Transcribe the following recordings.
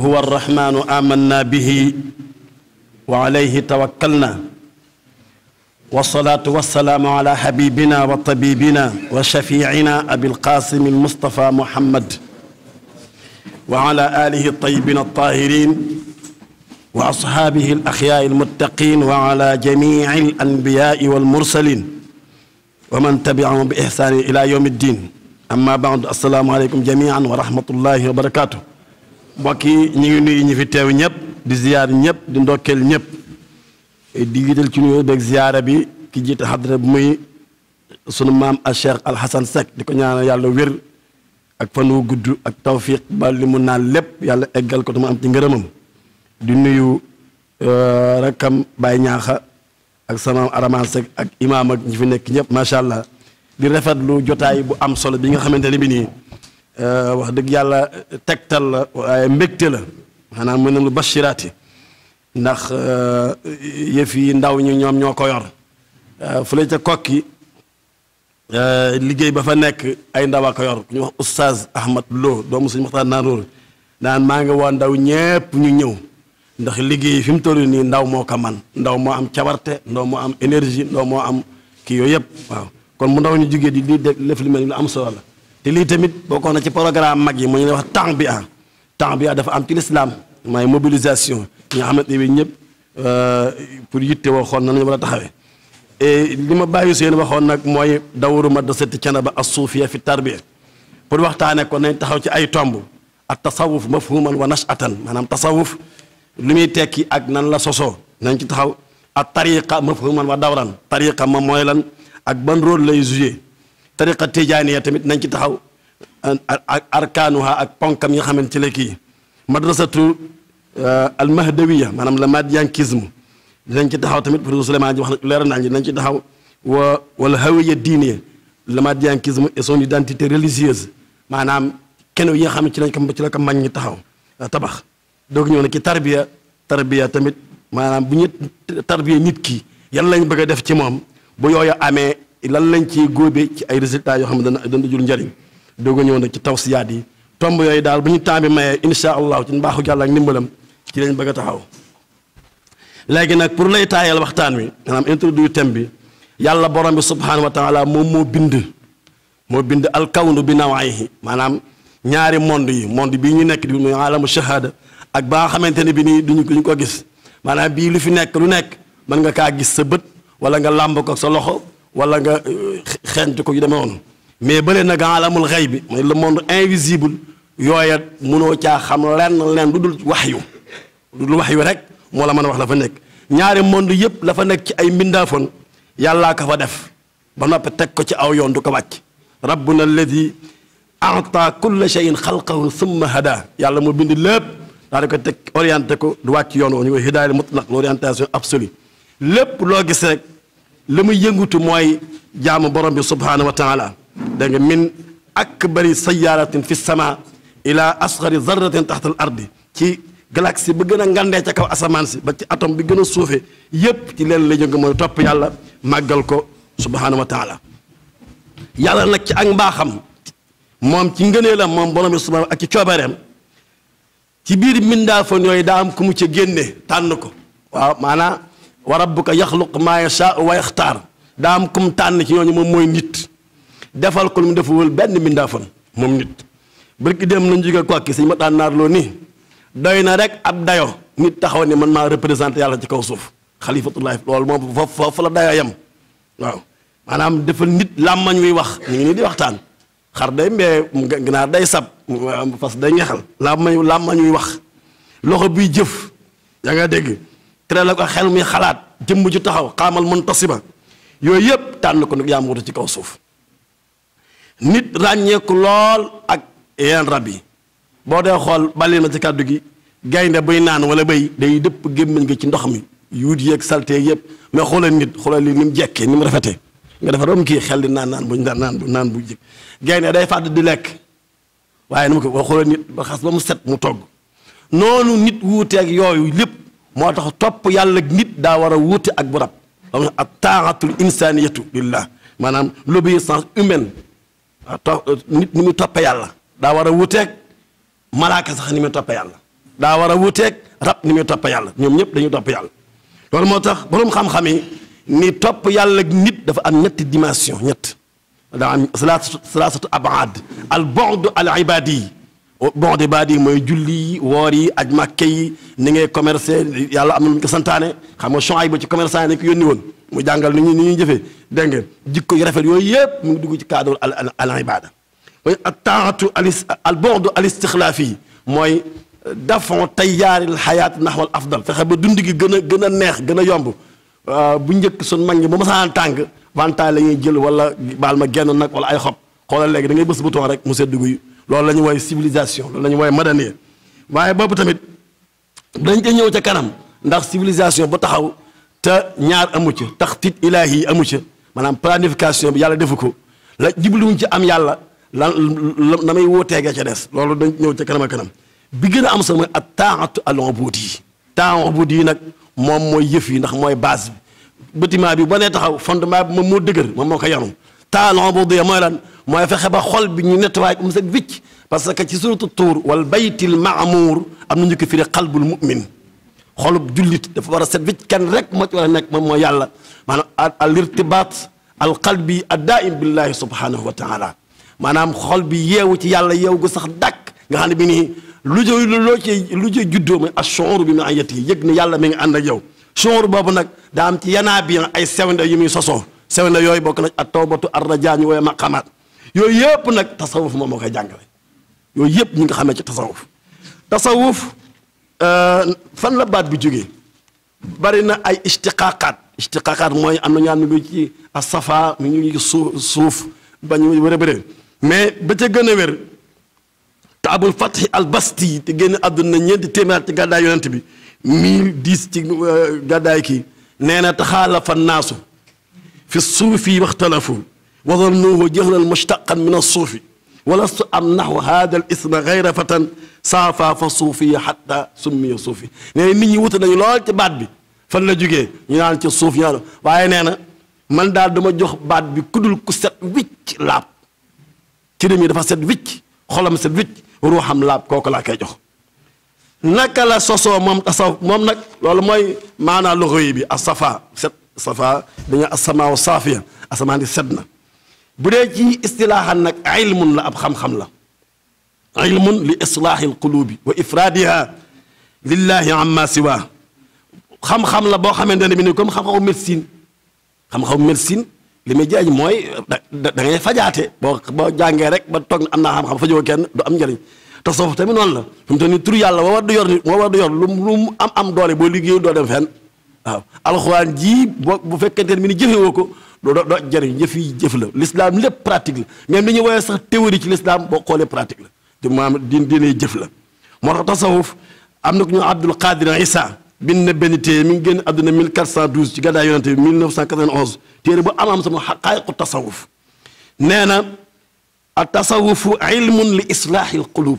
huwa arrahmaanu amanna bihi wa alayhi tawakkalna والصلاة والسلام على حبيبنا وطبيبنا وشفيعنا أبي القاسم المصطفى محمد وعلى آله الطيبين الطاهرين وأصحابه الأخياء المتقين وعلى جميع الأنبياء والمرسلين ومن تبعهم بإحسان إلى يوم الدين أما بعد السلام عليكم جميعا ورحمة الله وبركاته mbokk yi ñu ngi nuyu ñi fi teew ñëpp di ziyaar ñëpp di ndokkeel ñëpp di jiital ci nuyoo beeg ziyaara bi ki jiite xadra bu muy sunu maam a Cheikh Al Hassan Seck di ko ñaanal yàlla wér ak fan wu gudd ak tawfiq ba li mu naan lépp yàlla eggal ko dama am ci ngërëmam di nuyu euh, rakkam bay ñaaxa ak sama araman Seck ak imaam ak ñi fi nekk ñëpp macha allah di rafetlu jotaay bu am solo bi nga xamante ne bi nii. Euh, wax dëgg yàlla tegtal la waaye mbégte la maanaam mën na lu bashiraati ndax euh, yëf yi ndaw ñi ñoom ñoo ko yor euh, fu la ca kokki liggéey ba fa nekk ay ndaw a yor ku ñu wax oustaz Ahmad Lo doomu suñu waxtaan naaróor naan maa ngi woo ndaw ñépp ñu ñëw ndax liggéey fi mu toll nii ndaw moo ko man ndaw moo am cawarte ndaw moo am énergie ndaw moo am kii yooyu yëpp waaw kon mu ndaw ñu jugee di di def li mel lu am solo la te lii tamit bokkoon na ci programme mag yi mu ñu wax temps bi temps bi dafa am ci lislaam mooy mobilisation ñi nga xamante ne ñëpp euh, pour yitte waxoon na ñu war a taxawee et li ma bàyyi seen waxoon nag mooy dawru ba Thiénaba as-suufiya fi tarbiya pour waxtaane ko nañ taxaw ci ay tomb ak tasawuf mafhuman wa nashatan maanaam tasawuf lu muy tekki ak nan la sosoo nañ ci taxaw a ak tariqa mafhuman wa dawran tariqa moom mooy lan ak ban rôle lay joué tariqa tijaaniya tamit nañ ci taxaw ak arkaanuha ak ponkam yi nga xamante ne kii madrasatu eh, almahdawiya maanaam la madiankisme dinañ ci taxaw tamit pour Souleymane ji wax na leer naa ji nañ ci taxaw wa wala hawiya diine la madiankisme et son identité religieuse maanaam kenn yi nga xam ne ci lañ ko ci la mañ ñi taxaw eh, tabax doog ñëw na ci tarbiya tarbiya tamit maanaam bu ñu tarbiya nit ki yan lañu bëgg a def ci moom bu yooyu amee lan lañ ci góobe ci ay résultats yoo xam ne dana dana jur njariñ doog a ñëw nag ci tawsiyaat yi tomb yooyu daal bu ñu temps bi mayee insha allahu ci mbaaxu yàlla ak ndimbalam ci lañ bëgg a taxaw léegi nag pour lay taayal waxtaan wi maanaam introduire thème bi yàlla borom bi subhaanahu wa taala moom moo bind moo bind alkawnu bi nawaayihi maanaam ñaari monde yi monde bii ñu nekk di muy alamu shahada ak ba nga xamante ne bi nii duñu duñu ko gis maanaam bii lu fi nekk lu nekk mën nga kaa gis sa bët wala nga làmb ko sa loxo wala nga euh, xent ko yu demee noonu mais bële nag alamul xëy bi mooy le monde invisible yooya mënoo caa xam lenn lenn lu dul wax yu lu dul wax yu rek moo la mën a wax la fa nekk ñaari monde yëpp la fa nekk ci ay mbindaafoon yàllaa ka fa def ba noppi teg ko ci aw yoon du ko wàcc rabbuna alladi ata kulla cheyin xalqahu summa hada yàlla moo bind lépp daa di ko teg oriente ko du wàcc yoon woo ñu koy hidaaya mutlaq l'orientation absolue lépp loo gis rek la muy yëngutu mooy jaamu borom bi subhaanahu wa taala da nga min akbari sayyaaratin fi sama ila asgari zarratin taxta al ci galaxie ba gën a ngandee ca kaw asamaan si ba ci atom bi gën a suufe yépp ci leen la yëngu mooy topp yàlla màggal ko subhaanahu wa yàlla nag ci ak mbaaxam moom ci ngëneelam moom borom bi subhaanahu ak ci coobareem ci biir mbindaa fan yooyu daa am ku mu ca génne tànn ko waaw maanaam wa rabbuka yaxluq maa yashaa'u wa yaxtaar daa am kum tànn ci ñooñu moom mooy nit defal ko lu mu deful benn mbindaafam moom nit bërki dem nañ jóge ko ak sëñ ma daan naar loo nii doy na rek ab dayo nit taxaw ne man maa représenté yàlla ci kaw suuf xalifatullahi loolu moom foofu foofu la dayo yam waaw maanaam defal nit làmmañ wuy wax ñu ngi nii di waxtaan xar day mbee ginaar day sab fas day ñexal làmmañ làmmañ wuy wax loxo biy jëf yaa nga dégg la ko xel muy xalaat jëmm ju taxaw xaamal ma yooyu yëpp tànn ko nag yaa ma ci kaw suuf nit ràññeeku lool ak yeneen rab yi boo dee xool bàyyi ma ci kàddu gi gaynde buy naan wala béy day dëpp gémmiñ gi ci ndox mi yuut yeeg salte yëpp mais xoolal nit xoolal li ni mu jekkee ni mu rafetee nga defa rom kii xel di naan naan bu naan naan bu naan bu jëkk gaynde day fàdd di lekk waaye ni mu ko boo xoolal nit ba xas ba mu set mu togg noonu nit wuuteeg yooyu lépp. moo tax topp yàlla nit daa war a wuute ak bu rab dam ak taaxatul insaniyatu lillah maanaam l'obéissance humaine euh, nit ni muy toppe yàlla daa war a wuuteeg malaaka sax ni muy toppe yàlla daa war a wuuteeg rab ni muy toppe yàlla ñoom ñëpp dañuy topp yàlla loolu moo tax boroom xam-xam yi ni topp yàlla nit dafa am ñetti dimension ñett daa am salaasatu abaad al bu'd al ibadi bon débat yi mooy julli yi woor yi aj màkke yi ni ngay commercer yàlla am na ñu ko santaane xam nga champs yi ba ci commerçant yi nañ woon mu jàngal ni ñuy ni ñuy jëfee dégg ngeen jikko rafet yooyu yëpp dugg ci cadre al al ibada mooy attaatu alis al bordu al istixlaafi yi mooy dafon tayyaaril xayaat naxwal afdal fexe ba dund gi gën a gën a neex gën a yomb bu njëkk sun mag ñi ba masaan tànk vantaay la ñuy jël wala baal ma genn nag wala ay xob xoolal léegi da ngay bës bouton rek mu sedd guy loolu la ñu woy civilisation loolu la ñu woy modernité waaye boobu tamit dañ ca ñëw ca kanam ndax civilisation bu taxaw te ñaar amu ca taxtit ilaahi yi amu ca maanaam planification bi yàlla defu ko la jubluwuñ ci am yàlla lan la may woo teegee ca des loolu dañ ñëw ca kanam a kanam bi gën a am solo mooy ak taatu alon buut yi taatu buut yi nag moom mooy yëf yi ndax mooy baas bi bâtiment bi ba nee taxaw fondement bi moom moo dëgër moom moo ko yanu mooy fexe ba xol bi ñu nettoyé mu set parce que ci suratu tuur wal baytil maamuur am na ñu ko firi xalbul mu'min xolub jullit dafa war a set kenn rek moo ci war a nekk moom mooy yàlla maanaam al irtibaat al qalbi ad daim billahi subhanahu wa taala maanaam xol bi yeewu ci yàlla yeewu gu sax dàkk nga xam ne bi nii lu jo loo ci lu jo juddoo mooy ashuur bi maayati yëg ne yàlla mi ngi ànd ak yow shuur boobu nag daa am ci yanaa bi ay sewnde yu muy sosoo sewnde yooyu bokk na at tawbatu ar rajaa ñu wooye maqamaat yooyu yëpp nag tasawuf moom moo koy jàngale yooyu yëpp ñu nga xamee ci tasawuf tasawuf euh, fan la baat bi jógee bari na ay istiqaaqaat istiqaaqaat mooy am na ñaan mi ngi ci asafa mi ngi ci suuf suuf ba ñu wér a mais ba ca gën a wér te abul fathi al basti te génn àdduna ñeenti téeméer ci gàddaay yonent bi mille dix ci euh, gàddaay kii nee na taxaalafa naasu fi suufi waxtalafu wa zannuhu jahlan mushtaqan min as-suufi walastu amnahu hada al isma gayra fatan saafa fa suufiya xatta summiya suufi nee nit ñi wuta nañu lool ci baat bi fan la jógee ñu naan ca suuf waaye nee na man daal dama jox baat bi kudul ku set wicc laab cëram yi dafa set wicc xolam set wicc ruuxam laab kooku laa koy jox naka la sosoo moom moom nag loolu mooy maanaa loxo yi bi asafa set safa dañu asamaaw saafiya asamaan di sedd na bu dee ci istilaahan nag ilmun la ab xam-xam la ilmun li islaahi alqulubi wa ifraadiha lillahi amma siwa xam-xam la boo xamante ne bi ni comme xam-xamu médecine xam-xamu médecine li may jaay mooy da da fajaate boo jàngee rek ba toog am naa xam-xam fajoo kenn du am njëriñ tasawuf tamit noonu la fi mu toll yàlla woo war di yor moo war di yor lu lu mu am am doole boo liggéeyul doo dem waaw alxuraan jii bu fekkente ne bi ni jëfewoo ko doo doo jëriñ jëf yi jëf la l'islam lépp pratique la même li ñuy woowee sax théorie ci l'islam boo xoolee pratique la te maam di diine jëf la moo tax tasawuf am na ku ñu Abdul Qadir Isa bin na benn téere mi ngi génn àdduna 1412 ci gàddaay yonente bi 1991 téere bu am am sama xaqaayiqu tasawuf nee na a tasawufu ilmun li islaahi l qulub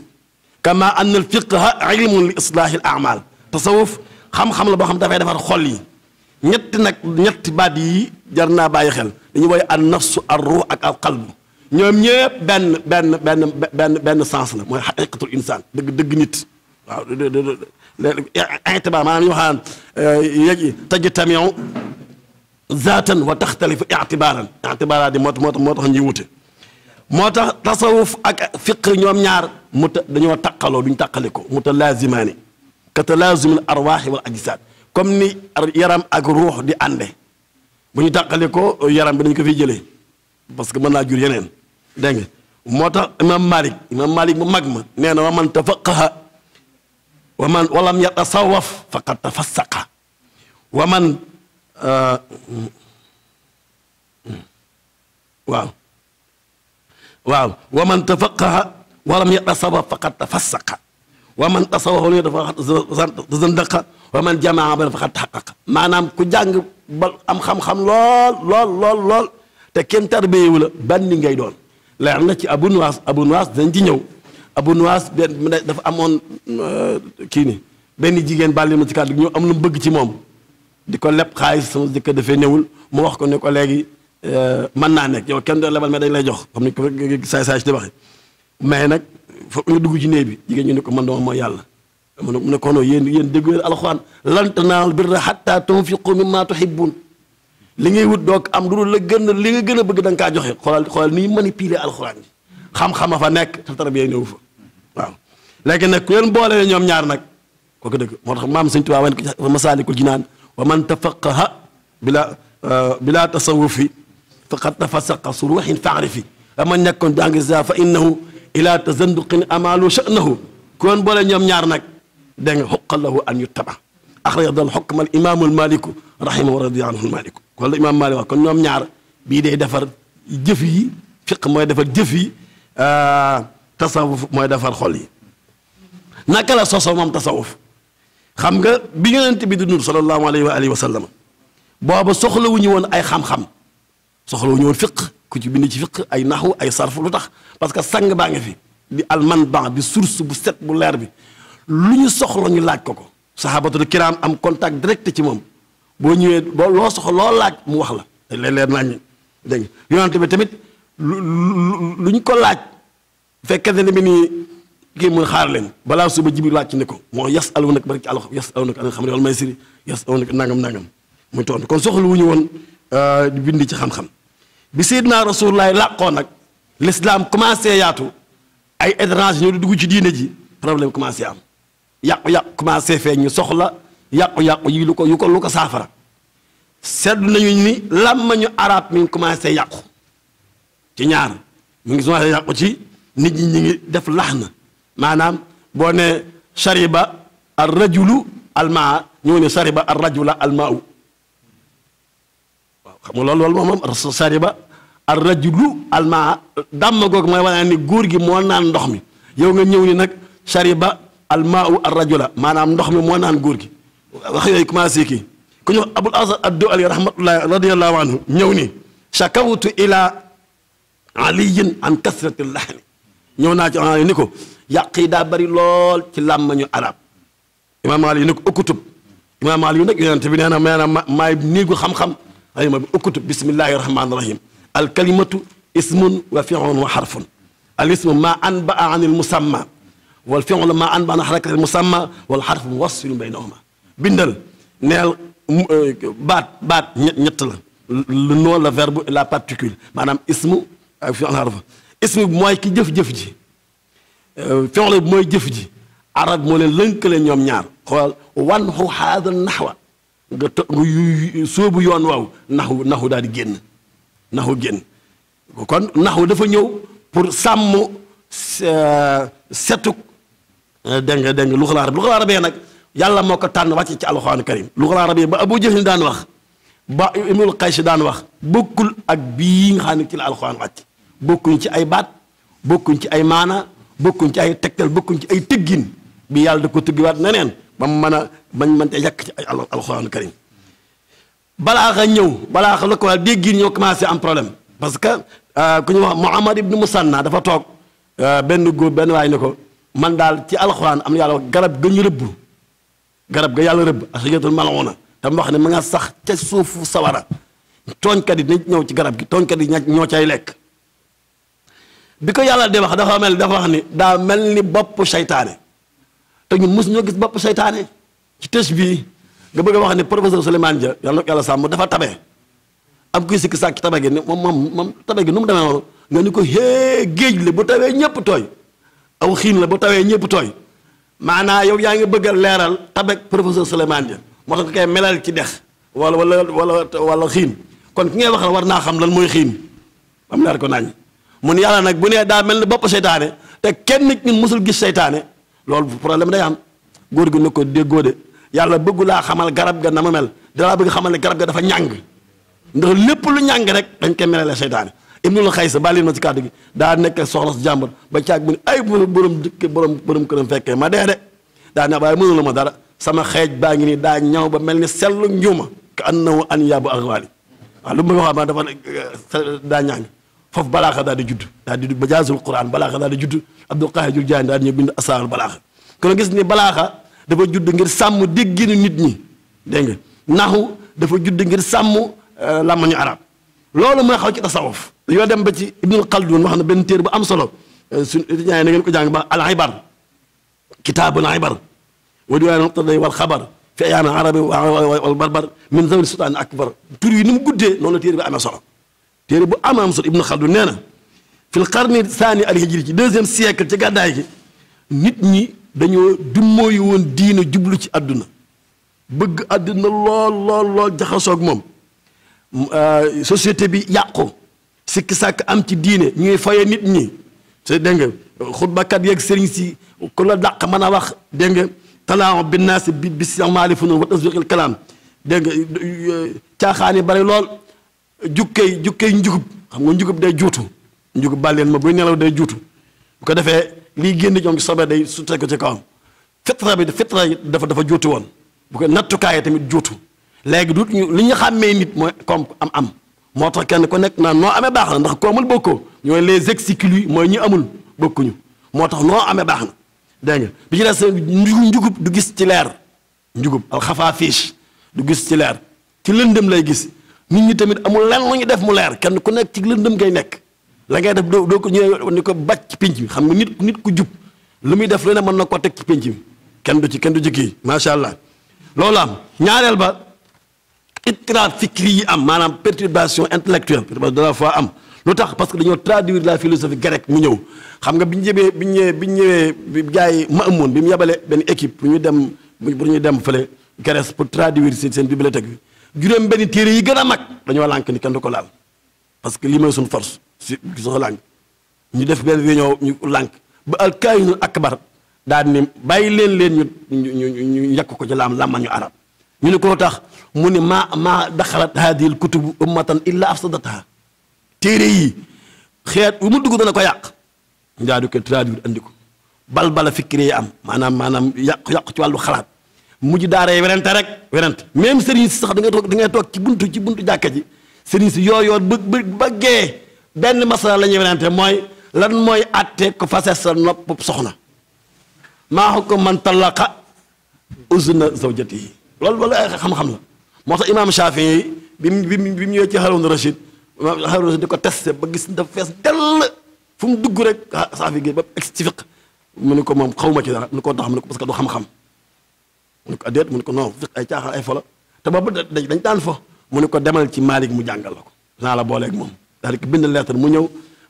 kama anna al fiqha ilmun li islaahi l amal tasawuf xam-xam la boo xam dafay defar xol yi ñetti nag ñetti baat yi jar naa bàyyi xel dañuy woy an nafsu ar ruux ak al qalbu ñoom ñëpp benn benn benn benn benn sens la mooy xaqiqatul insaan dëgg dëgg nit waaw itiba maanaam ñu waxaan euh, yéegi tajtamiu zaatan wa taxtalifu ictibaaran ictibaaraat yi moo moo moo tax ñuy wute moo tax tasawuf ak fiq ñoom ñaar muta dañoo taqaloo duñ taqale ko muta laazimaani ka talaazumil arwaaxi wal ajsaad comme ni yaram ak ruux di ànde bu ñu tàqale ko euh, yaram bi dañ ko fi jëlee parce que man naa jur yeneen dégg nga moo tax imam malik imam malik mu mag ma nee na wa man tafaqaha wa man walam yatasawaf faqad tafassaqa wa man euh, waaw waaw wa man tafaqaha walam ba man jamaa ba faqad xaqaqa maanaam ku jàng ba am xam-xam lool lool lool te kenn tarbiyewu la bandi ngay doon leer na ci abu nuwaas abu nuwaas dañ ci ñëw abu nuwaas benn dafa amoon euh, kii ni benn jigéen bàlli ma ci kàddu ñu am lu mu bëgg ci moom di ko leb xaalis sama jëkkër dafee newul mu wax ko ne ko léegi euh, mën naa nekk yow kenn doo lebal mais dañ lay jox xam ne ko saay saay si di waxe mais nag foog ñu dugg ci néeg bi jigéen ñu ne ko man dama mooy yàlla mu ne mu ne kono yéen yéen déglu leen alxuraan lan tanaalul birra hattaa tunfiqu mimmaa tuhibbuun li ngay wut doog am lu la gën a li gën a bëgg da kaa joxe xoolal xoolal ni manipuler alxuraan ji xam-xama fa nekk te tarbiya ñëw fa waaw léegi nag ku leen boole ñoom ñaar nag kooku dëgg moo tax maam Sëñ Tuubaa wan ko masaalikul jinaan wa man tafaqaha bila euh, bila tasawufi faqad tafasaqa su ruuxin faarifi man nekkoon jàngi sa fa innahu ila tazanduqin amalu sha'nahu ku leen boole ñoom ñaar nag dégg nga xoqalahu an yu taba axraja dal xokk mal imaamul maliku rahima wa radiya anhu maliku wala imaam malik wax kon ñoom ñaar bii day defar jëf yi fiq mooy defar jëf yi euh, tasawuf mooy defar xol yi naka la sosoo moom tasawuf xam nga bi yonent bi di nur sallallahu alayhi wa alihi wa sallam booba soxlawuñu woon ay xam-xam soxlawuñu woon fiq ku ci bind ci fiq ay naxu ay sarf lu tax parce que sang baa ngi fi di alman ban di source bu set bu leer bi lu ñu soxla ñu laaj ko ko saxaabatul kiraam am contact direct ci moom boo ñëwee boo loo soxla loo laaj mu wax la te leer nañ dégg nga yonante bi tamit lu lu ñu ko laaj fekkente ne bi nii kii mun xaar leen balaa suba laaj ci ne ko moo yas alu nag bari ci àll yas alu nag an xam ne wala may siri yas alu nag nangam nangam muy tontu kon soxla wu ñu woon euh, di bind ci xam-xam bi Seydina Rasulullaay làqoo nag l'islam commencé yaatu ay étranger ñoo di dugg ci diine ji problème commencé am yàqu-yàqu commencé fee ñu soxla yàqu-yàqu yi lu ko yu ko lu ko saafara sedd nañu ni làmmañu arab mi ngi commencé yàqu ci ñaar mi ngi commencé yàqu ci nit ñi ñi ngi def lax na maanaam boo ne shariba ar rajulu almaa ñoo ne shariba ar rajula almaa waaw xam nga loolu loolu moom moom shariba ar rajulu almaa dàmm googu mooy wane ni góor gi moo naan ndox mi yow nga ñëw ni nag shariba almaa u arrajula maanaam ndox mi moo naan góor gi wax yooyu commencé kii ku ñu wax abul asad addo ali rahmatullahi radiallahu anhu ñëw ni shakawtu ila aliyin an kasrati lahni ñëw naa ci ali ni ko yàq yi daa bëri lool ci làmmañu arab imaam ali ni ko ukkutub imaam ali nag yonente bi nee na mee na maay niigu xam-xam ay ma bi ukkutub bismillahi rahmaani rahim al kalimatu ismun wa fi'lun wa harfun al ismu ma anbaa an il musamma wal fi'lu ma an baan xarakatil musamma wal xarfu muwassilun baynahuma bindal neel euh, baat baat ñett la le nom le verbe la particule maanaam ismu ak fi'lu xarf ismu bi mooy ki jëf-jëf ji euh, fi'lu bi mooy jëf ji arab moo leen lënkale ñoom ñaar xool wan xu haada naxwa nga to nga sóobu yoon waaw naxu naxu daal di génn wu génn kon naxu dafa ñëw pour sàmm euh, setuk Eh, dégg nga dégg nga luxal arab luxal arabee nag yàlla moo ko tànn wàcc ci alxuraan karim luxal arabee ba abu jëfin daan wax ba imul xaysi daan wax bokkul ak bii nga xam ne ci la bokkuñ ci ay baat bokkuñ ci ay maana bokkuñ ci ay tegtal bokkuñ ci ay tëggin bi yàlla da ko tëggiwaat neneen ba mu mën a bañ mën a yàq ci ay alxuraan karim balaa xa ñëw balaa xa lëkkalaa déggin ñoo commencé am problème parce que euh, ku ñu wax Muhammad ibnu Musanna dafa toog euh, benn góor benn waay ne ko man daal ci alxuraan am na yàlla wax garab ga ñu rëbb garab ga yàlla rëbb ashajatul mal'una tam wax ne ma nga sax ca suufu sawara tooñkat yi dinañ ñëw ci garab gi tooñkat yi ñoo cay lekk bi ko yàlla de wax dafa mel dafa wax ni daa mel ni bopp seytaane te ñun mos gis bopp seytaane ci tës bii nga bëgg wax ne professeur Souleymane Dia yàlla yàlla sàmm dafa tabe am kuy sikki sàkk tabe gi moom moom moom tabe gi nu mu demee noonu nga ni ko hee géej la bu tawee ñëpp tooy aw xiin la bu tawee ñëpp tooy maanaa yow yaa ngi bëgg a leeral tabek professeur Souleymane Dia moo tax nga koy melal ci dex wala wala wala wala xiin kon ki ngay waxal war naa xam lan mooy xiin am leer ko nañ mun yàlla nag bu nee daa mel ni bopp seytaane te kenn nit ñun gis seytaane loolu problème day am góor gi na ko déggoo de yàlla bëggu laa xamal garab ga na ma mel dalaa bëgg xamal ne garab ga dafa ñàng ndax lépp lu ñàng rek dañ koy melale seytaane ibnul xaysa bàyyi ma ci kàddu gi daa nekk soxla si ba caag mu ne ay borom dëkk borom borom këram fekkee ma dee de daa ne mënula ma dara sama xeej baa ngi nii daa ñaw ba mel ni sellu njuuma ka annahu an yaabu axwaali waaw lu ma waxaa ma dafa daa ñaa ngi foofu balaaxa daal di judd daal di ba jaasul quran balaaxa daal di judd abdul qaahir jur jaay daal di ñëw bind asaarul balaaxa kon gis ni balaaxa dafa judd ngir sàmm dégginu nit ñi dégg nga naxu dafa judd ngir sàmm euh, làmmañu arab loolu mooy xaw ci tasawuf yoo dem ba ci Ibnul Khaldun wax na benn téere bu am solo euh, suñu étudiants na ngeen ko jàng ba al ibar kitaabul ibar wa diwaanu muqtaday wal xabar fi ayaan arabi wal barbar min zawri sultaan akbar tur yi ni mu guddee noonu la téere bi solo téere bu am am solo Ibnul nee na fil qarni saani al hijri ci deuxième siècle ci gàddaay gi nit ñi dañoo dummóoyu woon diina jublu ci àdduna bëgg àdduna lool loo lool jaxasoog moom euh, société bi yàqu sikki sàkk am ci diine ñuy faye nit ñi te dégg nga xutbakat yeeg sëriñ si ku la dàq mën a wax dégg nga talaamu bi naas bi bi si amaali fu noonu wa taswiqil kalaam dégg nga caaxaan yi bari lool jukkey jukkey njugub xam nga njugub day juutu njugub bàlleen ma buy nelaw day juutu bu ko defee liy génn ñoom sobee day su teg ko ci kawam fitra bi fitra dafa dafa juuti woon bu ko nattukaay tamit juutu léegi du ñu li ñu xàmmee nit mooy comme am am moo tax kenn ku nekk naan noo amee baax na ndax ko amul bokkoo ñooy les exclus mooy ñi amul bokkuñu moo tax noo amee baax na dégg nga bi ci des njugub du gis ci leer njugub alxafaa fiish du gis ci leer ci lëndëm lay gis nit ñi tamit amul lenn lu ñu def mu leer kenn ku nekk ci lëndëm ngay nekk la ngay def doo doo ko ñu ni ko bàcc ci pénc mi xam nga nit nit ku jub lu muy def lu ne mën na ko teg ci pénc mi kenn du ci kenn du ci macha allah loolu ñaareel ba. ittirab fikri yi am maanaam perturbation intellectuelle perturbation de la fois am lu tax parce que dañoo traduire la philosophie grecque mu ñëw xam nga bi ñu jëmee bi ñu ñëwee bi ñu ñëwee gars yi ma amoon bi mu yebale benn équipe pour ñu dem pour ñu dem fële Grèce pour traduire seen seen bibliothèque bi juróom benn téere yi gën a mag dañoo lànk ni kenn du ko laal parce que lii mooy suñu force si suñu lànk ñu def benn réunion ñu lànk ba alkaayinul akbar daal ni bàyyi leen leen ñu ñu ñu ñu yàq ko ci laam làmma ñu arab ñu ne koo tax mu ne maa maa xalaat haadihil kutubu ummatan illa afsadataha téere yi xeet bu mu dugg dana ko yàq ndaa di ko traduire andi ko bal bala fikri yi am maanaam maanaam yàq yàq ci wàllu xalaat mujj daara yi werante rek werante même sëriñ si sax da ngay toog da ngay toog ci buntu ci buntu jàkka ji sëriñ si yoo yoo benn masala la ñuy werante mooy lan mooy àtte ko fase sa nopp soxna maa ko man talaqa uzna yi loolu loolu ay xam-xam la moo tax imaam Chafi yi bi mu bi mu ñëwee ci Haroun Rachid imaam Haroun Rachid di ko testé ba gis dafa fees dell fu mu dugg rek Chafi ah, gi ba ex ci fiq mu ne ko moom xaw ma ci dara mu ne ko tax mu ne ko parce que du xam-xam mu ne ko addeet mu ne ko non ay caaxaan ay fola te boobu dañ dañ daan fo mu ne ko demal ci Malick mu jàngal ko naa la booleeg moom daal di bind lettre mu ñëw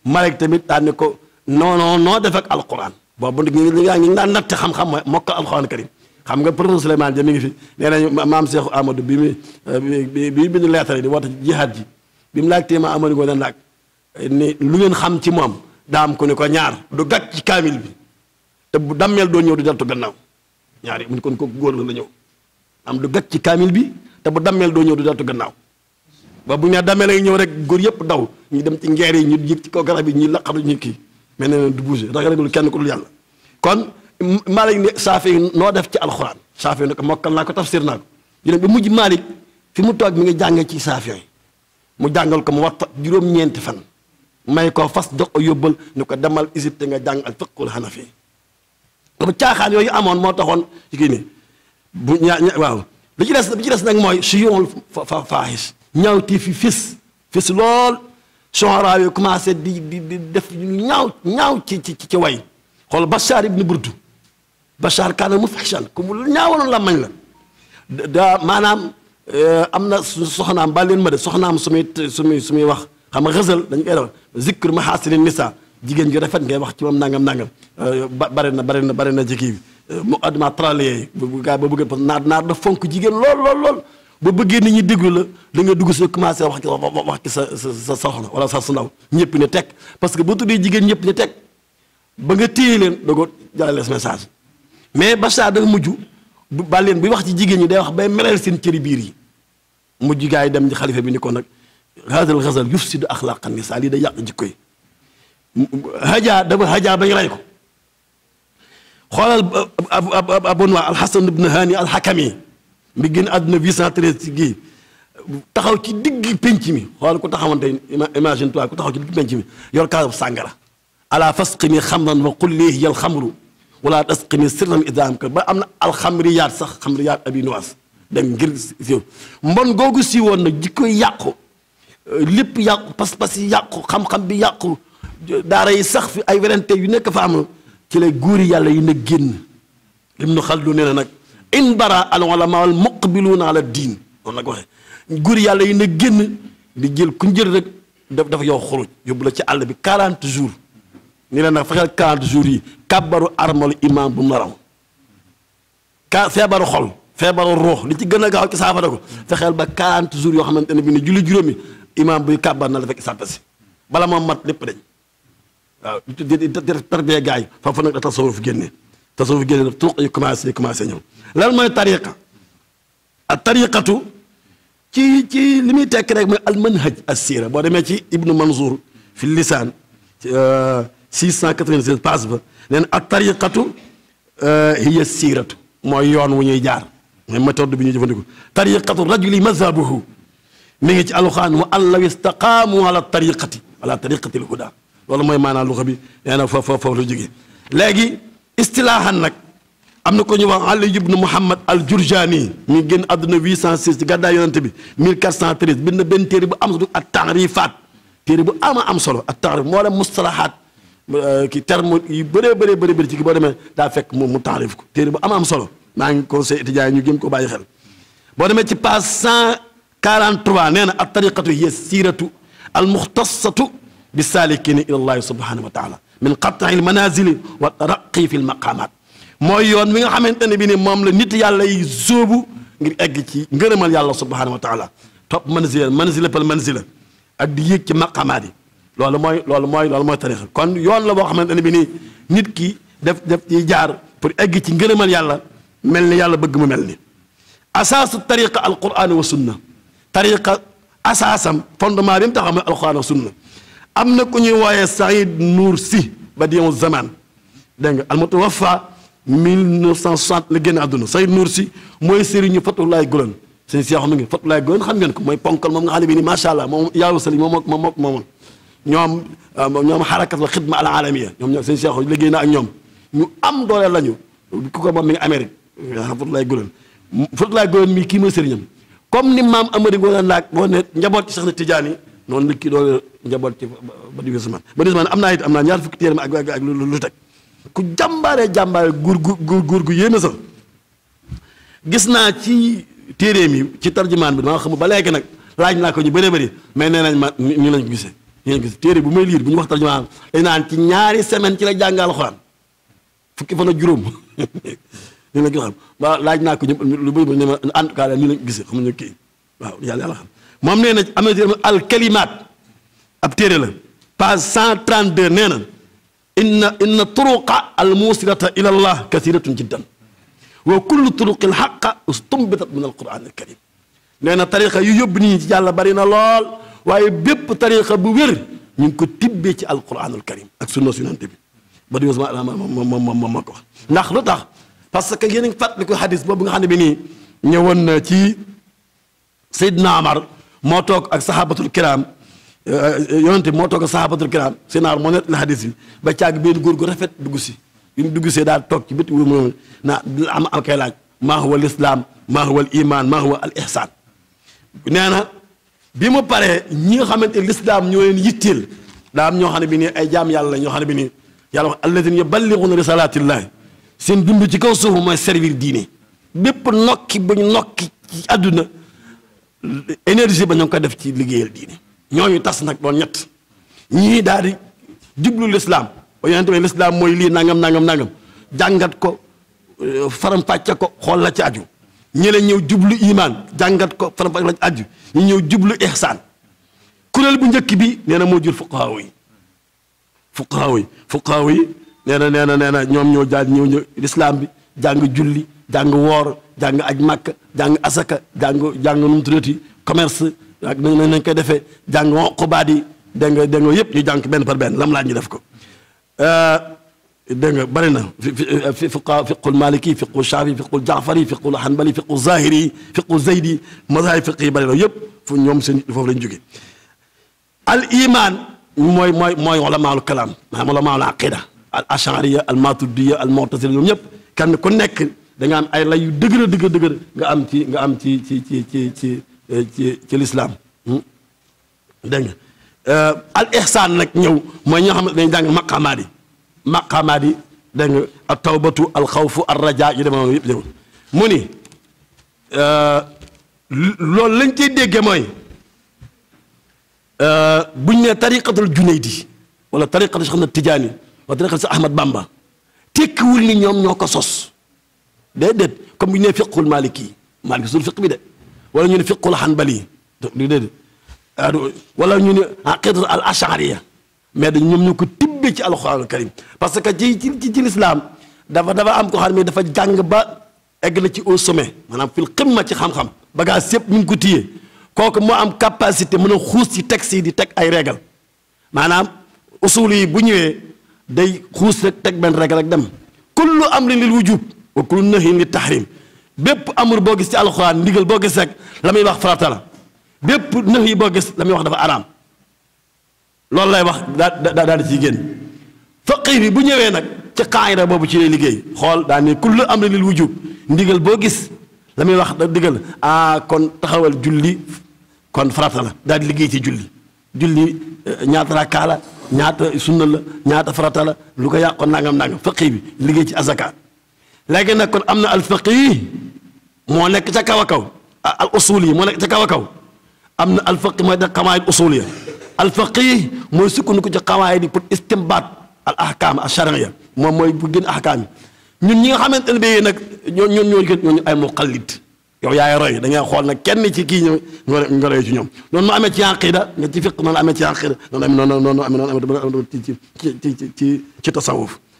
Malick tamit daan ne ko non non non def ak alquran boobu nit ñi dañu daan natt xam-xam mooy mokkal alquran karim am nga professeur Souleymane Dia mi ngi fi nee nañu maam Cheikh Amadou bi mu euh, bi bi bind leetar yi di woote jihaad ji bi mu laajtee ma Amadou Ngoné Ndak eh, ni lu ngeen xam ci moom am ko ni ko ñaar du gàcc ci kaamil bi te bu dammeel doo ñëw du deltu gannaaw ñaar yi kon kooku góor la na ñëw am du gàcc ci kaamil bi te bu dammeel doo ñëw du deltu gannaaw ba bu ñu nee dammeel ay ñëw rek góor yëpp daw ñu dem ci ngeer yi ñu yëg ci kaw garab yi ñuy laqaru ñu kii mel ne na du bougé ragalagul kenn ku dul yàlla Malick ne Saafi noo def ci alxuraan Saafi ne ko mokkal naa ko tafsir naa ko ñu ne ba mujj Malick fi mu toog mi ngi jàngee ci Saafi mu jàngal ko mu watta juróom-ñeenti fan may ko fas jox ko yóbbal ni ko demal Égypte nga jàng ak al fiqhul hanafi bu caaxaan yooyu amoon moo taxoon kii bu ña waaw li ci des ci des nag mooy suyuul fa faaxis ñaaw ti fi fis lool sonraaw yi commencé di di def ñaaw ñaaw ci ci ci way xool Bachar ibn Burdu Bachar kaana mufhishan ku mu ñaawaloon mañ la daa maanaam euh, am na soxnaam ba leen ma de soxnaam su muy su muy su muy wax xam nga xësal dañ koy def zikr mahasini nisa jigéen ju rafet ngay wax ci moom nangam nangam euh, bari na bari na bari na ci kii euh, mu addiment traleyey bu gaa ba bëggee parce que naar naar da fonk jigéen lool lool ba bëggee nit ñi déglu la da nga dugg sa commencé wax ci wax ci sa sa soxna wala sa su ndaw ñëpp ne teg parce que boo tuddee jigéen ñëpp ne teg ba nga téye leen dogo jàllale sa message mais Bafsa dafa mujj bu bàlleen bi wax ci jigéen ñi day wax bay meleel seen cëri biir yi mujj gaa yi dem ci xalifa bi ni ko nag haadal xasal yufsidu axlaaqa nisaa lii day yàq jikko yi hajaa dafa hajaa bañ rey ko xoolal euh, ab abonwa alxasan ibn hani alxakami mi génn àdduna 813 gii taxaw ci digg penc mi xoolal ku taxawoon tey imagine toi ku taxaw ci digg penc mi yor kaasab sàngara ala fasqini xamran wa qul lii hiya alxamru wala tasqini sirran idaam kër ba am na alxamriyaat sax xamriyaat abi nuwaas da ngir siiw mbon googu si woon nag jikko yàqu euh, lépp yàqu pas-pas yi yàqu xam-xam bi yàqu daara yi sax fi ay werante yu nekk fa am ci lay góori yàlla yi na génn lim nu xal du ne na nag in bara al ulama al muqbiluuna ala diin noonu la yàlla yi na génn di jël ku njël rek daf dafa yow xuruj yóbbu la ci àll bi 40 jours ni leen nag fexeel 40 jours yi kàbbaru armal imaam bu mu ka feebaru xol feebaru ruux li ci gën a gaaw ci saafara ko fexeel ba 40 jours yoo xamante ne bi ne julli juróomi imaam buy kàbbar na la fekk sàppe si bala moom mat lépp dañ waaw di di def tarbee gaay foofu nag da tasawuf génne tasawuf génne daf turuq yi commencé commencé ñëw lan mooy tariqa a tariqatu ci ci li muy tekk rek mooy al a as siira boo demee ci ibnu mansour fi lisaan euh, 696 paas ba nee na ak tariqatu euh, hiya siiratu mooy yoon wu ñuy jaar mooy méthode bi ñuy jëfandikoo tariqatu rajuli mazhabuhu mi ngi ci alxuraan wa an law istaqaamu ala tariqati ala tariqati lhuda loolu mooy maanaam luxa bi nee na foofu foofu la jógee léegi istilaahan nag am na ko ñu wax Ali ibnu Muhammad al Jurjani mi ngi génn àdduna 806 gàddaay yonante bi 1413 bind na benn téere bu am solo ak taarifaat téere bu ama am solo ak taarif moo dem mustalahaat Euh, ki terme yu bëree bëree bëri bëri ci ki boo demee daa fekk mu mu taarif ko téere bu am am solo maa ngi conseil étudiant yi ñu gën ko bàyyi xel boo demee ci page 143 nee na at tariqatu hiya siiratu al muxtasatu bi salikina ila allahi subhanahu wa taala min qat'i al manazili wa taraqi fi al maqamat mooy yoon wi nga xamante ne bi ni moom la nit yàlla yi sóobu ngir egg ci ngërëmal yàlla subhanahu wa taala topp manzila manzila pal manzila ak di yéeg ci maqamaat yi loolu mooy loolu mooy loolu kon yoon la boo xamante ne bi nii nit ki def def ci jaar pour egg ci ngërëmal yàlla mel ni yàlla bëgg mu mel ni asaasu tariqa alquran wa sunna tariqa asaasam fondement bi mu taxaw mooy alquran wa sunna am na ku ñuy wooyee Saïd Nour Sy ba diyow zaman dégg nga almutawaffa 1960 la génn àdduna Saïd Nour Sy mooy sëriñu Fatulaay Gulen sëñ Seexu mi ngi Fatulaay Gulen xam ngeen ko mooy ponkal moom nga xam ne bi ni macha allah moom yaalu moom ñoom euh, ñoom xarakatul xidma al alamiya ñoom ñoom seen seexu liggéey na ak ñoom ñu am doole lañu ku ko moom mi ngi Amérique Fatulaay Gulen Fatulaay Gulen mii kii mooy sëriñam comme ni maam Amari Ngoone laa boo ne njaboot ci sax Tijaan yi noonu la kii njaboot ci ba di Usmaan ba di am naa it am naa ñaar fukki téeram ak ak lu teg ku jàmbaaree jàmbaare guur gu guur gu yéeme sax gis naa ci téeréem yi ci tarjumaan bi dama xamul ba léegi nag laaj naa ko ñu bëree bëri mais nee nañ ma ni lañ ko gisee ngeen gis téere bu may liir bu ñu wax tarjumaa dañ naan ci ñaari semaine ci la jàng alxuraan fukki fan ak juróom li la gis laaj naa ko ñëpp lu bëri ne ma en tout cas daal nii la gisee xam nga kii waaw na am na téere al kalimaat ab téere la page 132 nee na inna inna turuqa al musilata ila allah kasiratun jiddan wa kullu turuqi al xaqa ustumbitat min al quran al karim nee na tariqa yu yóbbu nit ñi ci yàlla bari na lool waaye bépp tariqa bu wér ñu ngi ko tibbee ci alquranul karim ak sunna su yonante bi ba di sama ma ma ma ma ko ndax lu tax parce que yéen a ngi fàttaliku xadis boobu nga xam ne bi nii ñëwoon na ci Seydina Amar moo toog ak sahabatul kiram euh, yonante bi moo toog ak sahabatul kiram Seydina Amar moo la xadis bi ba caag benn góor gu rafet dugg si bi mu dugg see daal toog ci bët wóor na am am kay laaj maa huwa al islam maa huwa al maa huwa al ihsan bi mu paree ñi nga xamante lislaam ñoo leen yitteel daa am ñoo xam ne bi nii ay jaam yàlla ñoo xam ne bi nii yàlla alladina yuballiguna risalatillahi seen dund ci kaw suuf mooy servir diine bépp nokki bu ñu nokki ci àdduna énergie ba ñu ko def ci liggéeyal diine ñooñu tas nag doon ñett ñii daal di jublu lislaam ba yonent bi lislaam mooy lii nangam nangam nangam jàngat ko faram ko xool la ci aju ñi ñëw jublu imaan jàngat ko fan fan lañ aju ñu ñëw jublu ihsaan kuréel bu njëkk bi nee moo jur fuqaaw yi fuqaaw xaw yi nee na nee na nee na ñoom ñoo jaa ñëw ñëw lislaam bi jàng julli jàng woor jàng aj màkk jàng asaka jàng jàng nu mu tuddati commerce ak nañ nañ koy defee jàng woqubaat yi dégg nga dégg nga yëpp ñu jàng benn par benn lam ñu def ko euh, dégg nga bëri na fi eh, fiqul maliki fiqul shaafi fiqul jaafari fiqul hanbali fiqul zahiri fiqul zaydi mazahib fiq yi bëri na yëpp fu ñoom seen foofu lañ jóge al iman mooy mooy mooy ulamaul kalaam maanaam ulamaul aqida al ashariya al maturidiya al mu'tazila ñoom ñëpp kenn ku nekk da nga am ay lay yu dëgër dëgër dëgër nga am ci nga am ci ci ci ci ci ci ci lislaam hmm? dégg nga eh, al ihsaan nag ñëw mooy ñoo xam ne dañ jàng maqaamaat yi maqaamaat yi dégg nga ak tawbatu alxawfu ar raja yu demee yëpp dégg mu ni euh, loolu lañ cey déggee mooy euh, buñ ne tariqatul junaydi wala tariqatul Cheikh Ahmad Tijaani wala tariqatul Cheikh Ahmad Bamba tekkiwul ni ñoom ñoo ko sos déedéet comme bu ñu nee fiqul maliki maliki sul fiq bi de wala ñu ne fiqul hanbali déedéet wala ñu ne aqidatul al ashariya ñoom ñoo ko tib ci alxuraanul karim parce que ci ci ci lislaam dafa dafa am ko xam ne dafa jàng ba egg na ci au sommet maanaam fil ximma ci xam-xam bagaas yëpp ñu ngi ko kooku moo am capacité mën a xuus ci teg sii di teg ay régal maanaam usul yi bu ñëwee day xuus rek teg benn régal rek dem kullu amrin lil wujub wa kullu nahyin lil tahrim bépp amur boo gis ci alxuraan ndigal boo gis rek la muy wax farata la bépp nax yi boo gis la muy wax dafa araam loolu lay wax daa génn faqih bi bu ñëwee nag ci qaayira boobu ci lay liggéey xool daa ne kullu amri lil wujub ndigal boo gis la muy wax da digal ah, kon taxawal julli kon farata la daal di liggéey ci julli julli eh, ñaata rakkaa la ñaata sunna la ñaata farata la lu ko yàqoon nangam nangam faqih bi liggéey ci azaka léegi nag kon am na al faqih moo nekk ca kaw a kaw ah, al usul yi moo nekk ca kaw a kaw am na al faqih mooy def xamaayil usul ya al faqih mooy sukkandiku ci xawaay yi pour al ahkaam al charia moom mooy bu gën ahkaam yi ñun ñi nga xamante ne nag ñoo ñoo ñoo gën ñoo ay muqallid yow yaay roy da ngay xool nag kenn ci kii ñëw nga roy ñoom noonu mu amee ci aqida nga ci fiq noonu amee ci am noonu noonu amee noonu amee ci ci ci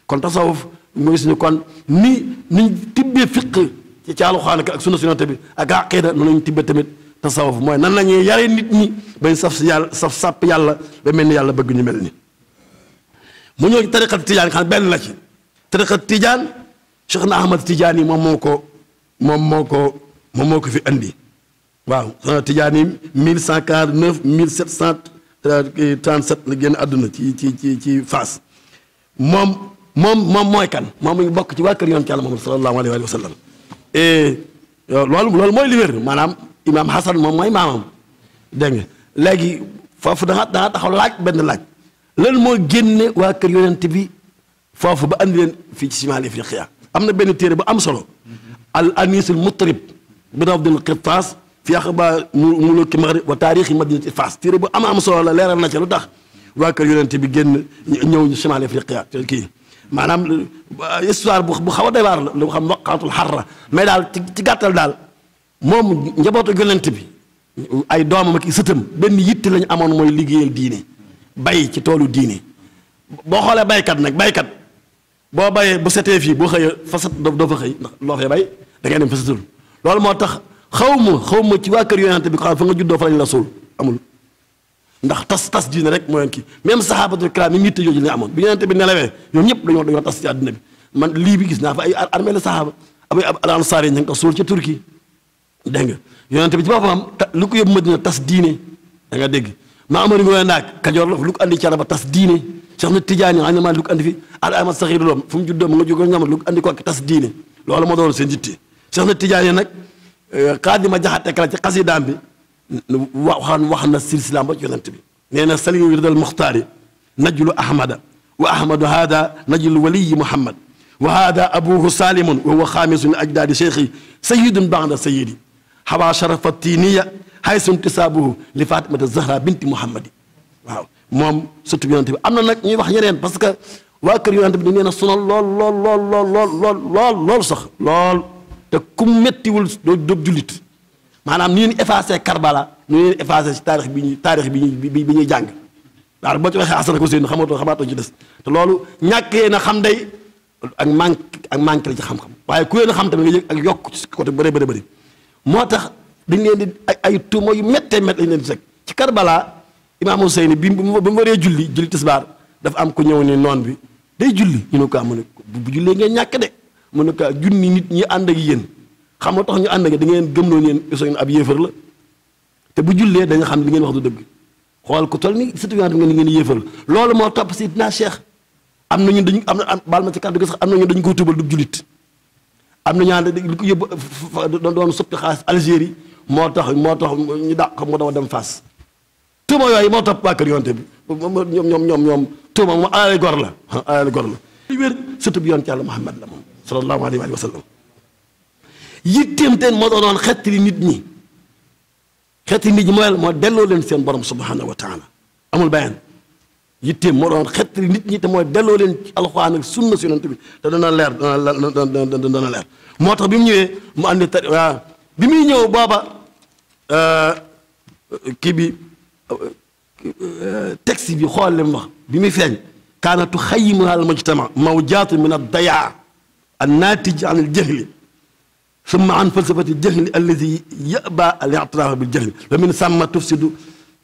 kon tasawuf mu ni kon ni niñ tibbee fiq ci ci alxuraan ak sunna sunna bi ak aqida noonu lañ tibbee tamit tasawuf mooy nan la ñuy yaree nit ñi bañ saf si yàlla yàlla ba mel ni yàlla bëgg ñu mel ni mu ñëw ci tariqatu tijaan xam benn la ci tariqatu tijaan Cheikh na Ahmad Tijaan yi moom moo ko moom moo ko moom moo ko fi andi waaw Tijaan yi mille cent quarante mille sept cent trente sept la génn àdduna ci ci ci ci Fass moom moom moom mooy kan moom mu ngi bokk ci waa kër yoon ci Yàlla Muhammad sallallahu alayhi wa sallam euh, loolu loolu mooy li wér maanaam imaam Hasan moom mooy maamam dégg nga léegi foofu da nga da nga laaj benn laaj. lan moo génne waa kër yonent bi foofu ba andi leen fii ci simaal ifriqiya am na benn téere bu am solo al anisul mutrib bi rawdil qirtaas fi axbaar muluki maghrib wa taarixi madinati Faas téere bu am am solo la leeral na ca lu waa kër yonent bi génn ñëw ñu simaal ifriqiya kii maanaam euh, histoire bu bu xaw a doy waar la lu xam waqaatul xarra mais daal ci ci gàttal daal moom njabootu yonent bi ay doomam ak i sëtam benn yitte lañu amoon mooy liggéeyal diine. bay ci toolu diine boo xoolee baykat nag baykat boo bayee bu setee fii boo xëyee fa set doo fa xëy ndax loo fee bay da ngay dem fa loolu moo tax xaw ma xaw ma ci waa kër yonente bi xam fa nga juddoo fa lañ la suul amul ndax tas tas diine rek mooy kii même sahabatul kiram mi ngi yitte jooju la amoon bi yonente bi nelawee ñoom ñëpp dañoo dañoo tas ci àddina bi man lii bi gis naa fa ay armée la sahaaba amay ab ansaar yi ñu ngi ko suul ca Turquie dégg nga yonente bi ci boppam lu ko yóbbu Madina tas diine da nga dégg ma amari ngooya ndaag kajoor la lu ko andi caraba tas diine Cheikh na Tidiane xanaa lu ko andi fi al ahmad saxiiru loom fu mu juddoo mu nga andi ko ak tas diine loolu moo doon seen jitte Cheikh na Tidiane nag euh, xaadima jaxate kala ci xasidaam bi waxaan wax na silsilaam ba yonent bi nee na sali wirdal muxtaari najlu ahmada wa ahmadu hada najlu waliyi muhammad wa hada abuhu salimun wa huwa xaamisun ajdaadi cheikhi sayidun ba'da sayidi xawaa sharafa tiiniya hay sunti saabuhu li fatimata zahra binti muhammadi waaw moom surtout yonente bi am na nag ñuy wax ñeneen parce que waa kër yonente bi dañ leen a sonal lool lool lool lool lool lool lool sax lool te ku mettiwul doo dób jullit maanaam ni leen effacé Karbala ñu leen effacé ci taarix bi ñuy taarix bi ñuy bi ñuy jàng waaw boo ci waxee asana ko seen xamatoo xamaatoo ci des te loolu ñàkkee na xam day ak manque ak manque la ci xam-xam waaye ku leen a xam tamit nga yëg ak yokk ci côté bëri bëri bëri moo tax dañ leen di ay ay tuuma yu méttee mét lañ leen di teg ci Karbala Imaam Hussein bi bu ba mu waree julli julli tisbaar dafa am ko ñëw ne noon bi day julli ñu ne ko ah, mu ne bu jullee ngeen ñàkk de mu ne ko ah, junni nit ñi ànd ak yéen xam nga tax ñu ànd ak da ngeen gëm noonu yéen Hussein ab yéefar la te bu jullee da nga xam li ngeen wax du dëgg xool ko toll ni surtout ngeen ngeen yéefar loolu moo topp si dinaa Cheikh am na ñun dañu am na baal ma ci kàddu gi sax am na ñun dañu ko tubal du jullit am na ñaan li ko yóbbu doon suppi xaalis Algérie moo tax moo tax ñu dàq ko mu daw dem fas tuuma yooyu moo tax waa kër yonte bi ñoom ñoom ñoom ñoom tuuma moom alal gor la ah, alal gor la li wér surtout bi yonte yàlla la moom sallallahu alayhi wa sallam yitteem moo doonoon xettali nit ñi xettali nit ñi mooy moo delloo leen seen borom subhanahu wa taala amul bayan yitteem moo doon xettali nit ñi te mooy delloo leen ci alxuraan ak sunna si bi leer dana leer moo tax bi mu ñëwee mu andi tari waaw bi muy ñëw booba Euh, kii bi euh, texte bi xool leen wax bi muy feeñ kaana tuxayyimu al mujtama mawjaatu min ad dayaa an naatij an al jahli summa an falsafati jahli alladi yaba al i'tiraafu bil jahli wa min samma tufsidu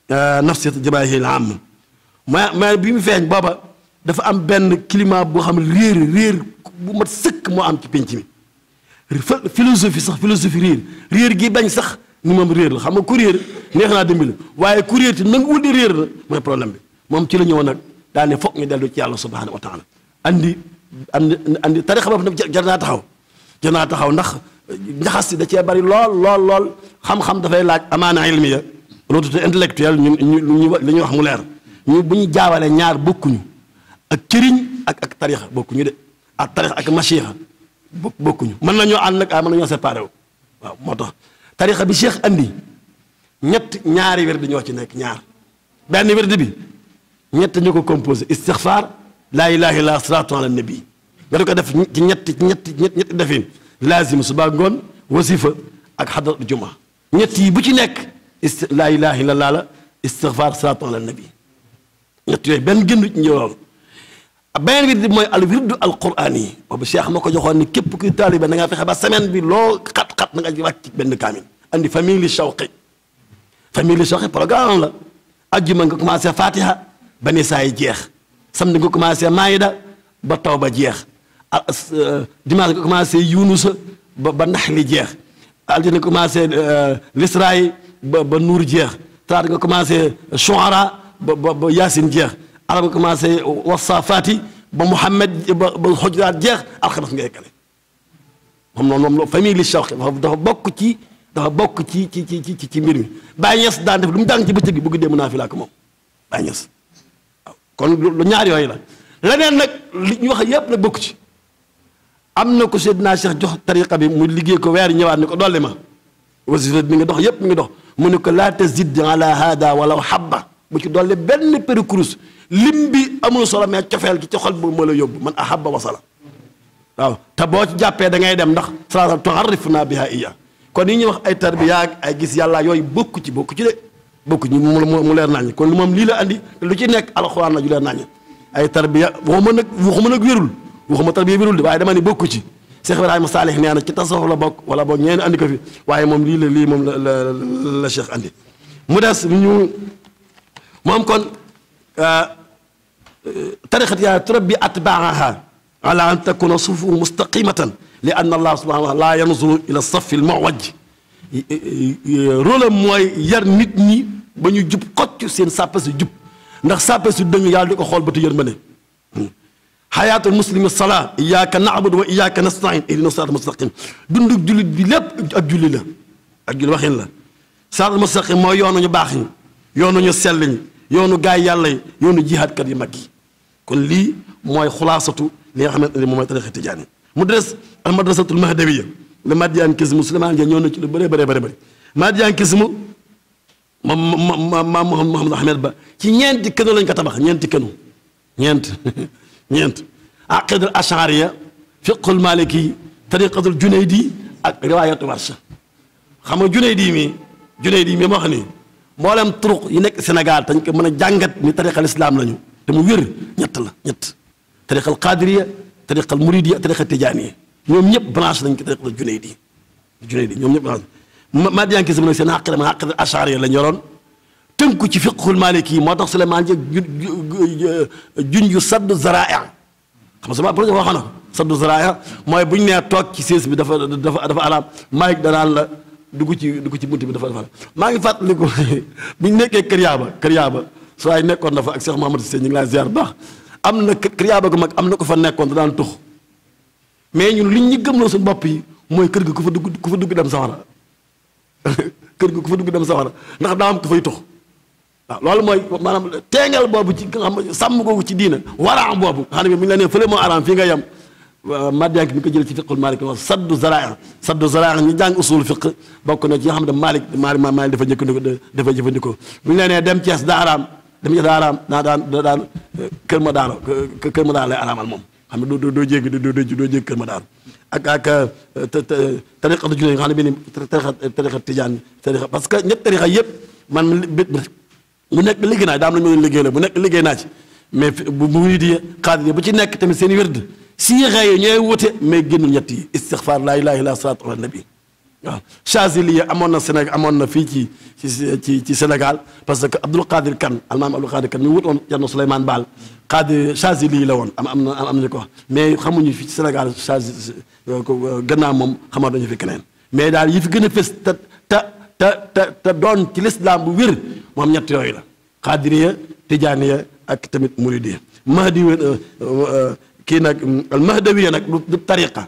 euh, nafsiyat jabaahir al amma ma ma bi mu feeñ booba dafa am benn climat boo xam ne réer réer bu mat sëkk moo am ci penc mi philosophie sax philosophie réer réer gi bañ sax ni moom réer la xam nga ku réer neex naa dimbali waaye ku réer te nanguwul di réer la mooy problème bi moom ci la ñëw nag daal ne foog ñu dellu ci yàlla subhanahu wa taala andi andi andi tarixa boobu nag jar naa taxaw jar naa taxaw ndax njaxas si da cee bari lool lool lool xam-xam dafay laaj amaana ilmiya loolu te intellectuel ñu ñu li ñuy wax mu leer ñu bu ñu jaawalee ñaar bokkuñu ak cëriñ ak ak tarixa bokkuñu de ak tarixa ak machixa bokkuñu mën nañoo ànd nag ah mën nañoo séparé wu waaw moo tax tarixa bi cheikh andi ñett ñaari wérdi ñoo ci nekk ñaar benn wérdi bi ñett ñu ko composé istixfar laa ilaha illa salatu ala nabi nga di ko def ci ñetti ñetti ñetti defin laazim suba ngoon wasifa ak xadrat juma ñett yi bu ci nekk laa ilaha illa laa la istixfar salatu ala nabi ñett yooyu benn génn ci ñëwoon beneen bi mooy al wirdu al quraan yi ko joxoon ni képp kuy taalibe da ngaa fexe ba semaine bi loo xat-xat da nga wàcc benn kaamil andi famille li shawqi famille li shawqi programme la ajjuma nga commencé fatiha ba nisaa yi jeex samedi nga commencé maayida ba taw ba jeex euh, dimanche nga commencé yunusa ba ba nax li jeex altine nga commencé euh, lisra ba ba nuur jeex talaata nga commencé shuara ba ba ba yaasin jeex arab commencé wasaafaati ba Mouhamed ba ba xojuraat jeex alxames ngay kale moom noonu moom famille li shawqi dafa bokk ci dafa bokk ci ci ci ci ci mbir mi Baye Niass daan def lu mu daan ci bëccëg bi bu guddee mën naa fi laak moom Baye Niass waaw kon lu ñaar yooyu la leneen nag li ñu wax yëpp nag bokk ci am na ko Seydina Cheikh jox tariqa bi mu liggéey ko weer ñëwaat ni ko dolli ma wasifa mi ngi dox yëpp mi ngi dox mu ne ko laa tazid ala hada walaw habba bu ci dolli benn pérékurus lim bi amul solo mais cofeel gi ci xol bi moo la yóbbu man ahabba wasala waaw te boo ci jàppee da ngay dem ndax salaasa tuharrifu naa biha iya kon yi ñuy wax ay tarbiya ak ay gis yàlla yooyu bokk ci bokk ci de bokku ci mu leer naññ kon lu moom lii la andi lu ci nekk alxuraan la ju leer naññ ay tarbiya waxuma nag waxuma nag wérul waxuma tarbiya wérul de waaye dama ne bokku ci Cheikh Ibrahima Saalih nee na ci tasawuf la bokk wala boog ñeen andi ko fi waaye moom lii la lii moom la la la Cheikh andi mu des ñu moom kon. Euh, tariqat yaa bi atbaaha ala an takuna sufuhu mustaqimatan li anna allah subhanahu wa taala la yanzuru ila safi l muwaj mooy yar nit ñi ba ñu jub xocc seen sàppe su jub ndax sàppe su dëng yàlla di ko xool ba te yërmande xayaatul muslimi salaa iyaaka naabudu wa iyaaka nastain ihdina siraat mustaqim dundug jullit bi lépp ak julli la ak julli waxin la siraat mustaqim mooy yoonu ñu baax ñi yoonu ñu sell yoonu gaay yàlla yi yoonu jihaadkat yu mag yi kon lii mooy xulaasatu li nga xamante ne moom mooy tarixa tijaani mu des al madrasatul mahdawiya le madiankisme Souleymane Dieng ñëw na ci lu bëree bëree bëri madiankisme moom moom maam Mouhamadou Ahmed Ba ci ñeenti kënu lañ ko tabax ñeenti kënu ñeent ñeent aqidatul ashariya fiqul maliki tariqatul junaydi ak riwaayatu warsha xam nga junaydi mi junaydi mi moo xam ni mboolem turuq yi nekk Sénégal dañ ko mën a jàngat ni tariqal islam lañu te mu wér ñett la ñett tariqal qadiriya tariqal muridiya tariqal tijaaniya ñoom ñëpp branche lañ ko tariqal junaydi junaydi ñoom ñëpp branche madiankisme nag seen xaqida man xaqida ashariya lañ yoroon tënku ci fiqhul maliki yi moo tax Souleymane Dieng junju saddu zaraia xam nga sama projet waxoon na saddu zaraia mooy bu ñu nee toog ci siis bi dafa dafa dafa alaam Malick danaan la. dugg ci dugg ci bunt bi dafa dafa maa ngi fàttaliku bu ñu nekkee kër yaaba kër soo ay nekkoon na fa ak Cheikh Mahamadou Sène ñu ngi laa ziar baax am na kër gu mag am na ko fa nekkoon daan tux mais ñun li ñu gëmloo suñu bopp yi mooy kër gi ku fa dugg ku fa dugg dem sawara kër gi ku fa dugg dem sawara ndax daa am ku fay tux waaw loolu mooy maanaam teengal boobu ci nga xam sàmm googu ci diina waraam boobu xam ne bi mu ñu la nee fële moo araam fii nga yem Euh, Madianke mi ko jëlee ci fiqul Malik wax saddu zaraa saddu zaraa ñu jàng usul fiq bokk na ci nga xam ne Malik Malik Malik dafa jëfandikoo dafa jëfandikoo bu ñu nee dem Thiès daa dem Thiès daa daa daan daan kër ma daara kër ma daara moom xam ne doo doo jéggi doo doo jéggi kër ma daara ak ak euh, tariqatu xam ne bii nii tariqa tariqa tijaan tariqa parce que ñett tariqa yëpp man mu nekk liggéey naa daa am lu ñu bu nekk liggéey naa ci mais bu bu bu bu bu bu bu bu bu bu bu bu siixa yi ñooy wute mais génn ñetti yi istixfaar laa ilaaha illallaah salaatu ala nabi waaw chazili amoon na Sénégal amoon na fii ci ci ci Sénégal parce que Abdul Qadir Kan almaam Abdul Qadir Kan mi wutoon Cerno Souleymane Baal Qadir chazili la woon am am na am nañu ko mais xamuñu fii ci Sénégal chaz euh, euh, gannaaw moom xamaa dañu fi keneen mais daal yi fi gën a fës te te te te te doon ci lislaam bu wér moom ñett yooyu la Qadiriya Tijaaniya ak tamit Muridiya Mahdi euh, kii nag almahdawiya nag du tariqa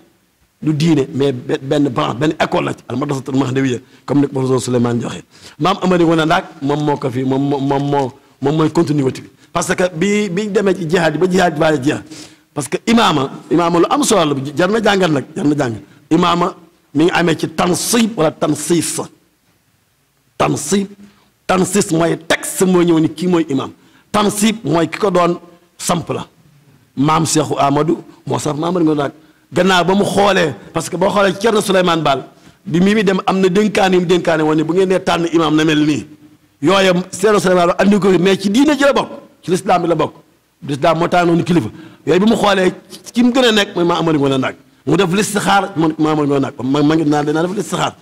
du diine mais benn branche benn école la ci almadrasatul mahdawiya comme ni ko professeur Souleymane joxe maam Amari Ngoné Ndak moom moo ko fii moom moom moo moom mooy continuité bi parce que bi bi demee ci jihaad yi ba jihaad bi waaye parce que imaama imaama lu am solo la jar na jàngal nag jar na jàngal imaama mi ngi amee ci tansib wala tansis tansib tansis mooy texte moo ñëw ni kii mooy imaam tansib mooy ki ko doon samp la maam Cheikhou Amadou moo sax maam Amadou nag gannaaw ba mu xoolee parce que boo xoolee Thierno Souleymane Baal bi mi mi dem am na dénkaane yu mu dénkaane woon bu ngeen nee tànn imaam na mel nii yooya Thierno Souleymane Baal andi ko mais ci diine ji la bokk ci lislaam bi la bokk lislaam moo tànnoon kilifa yooyu bi mu xoolee ki mu gën a nekk mooy maam Amadou Ngoné mu def listixaar man maam Amadou Ngoné Ndak ma ma ngi naan danaa def listixaar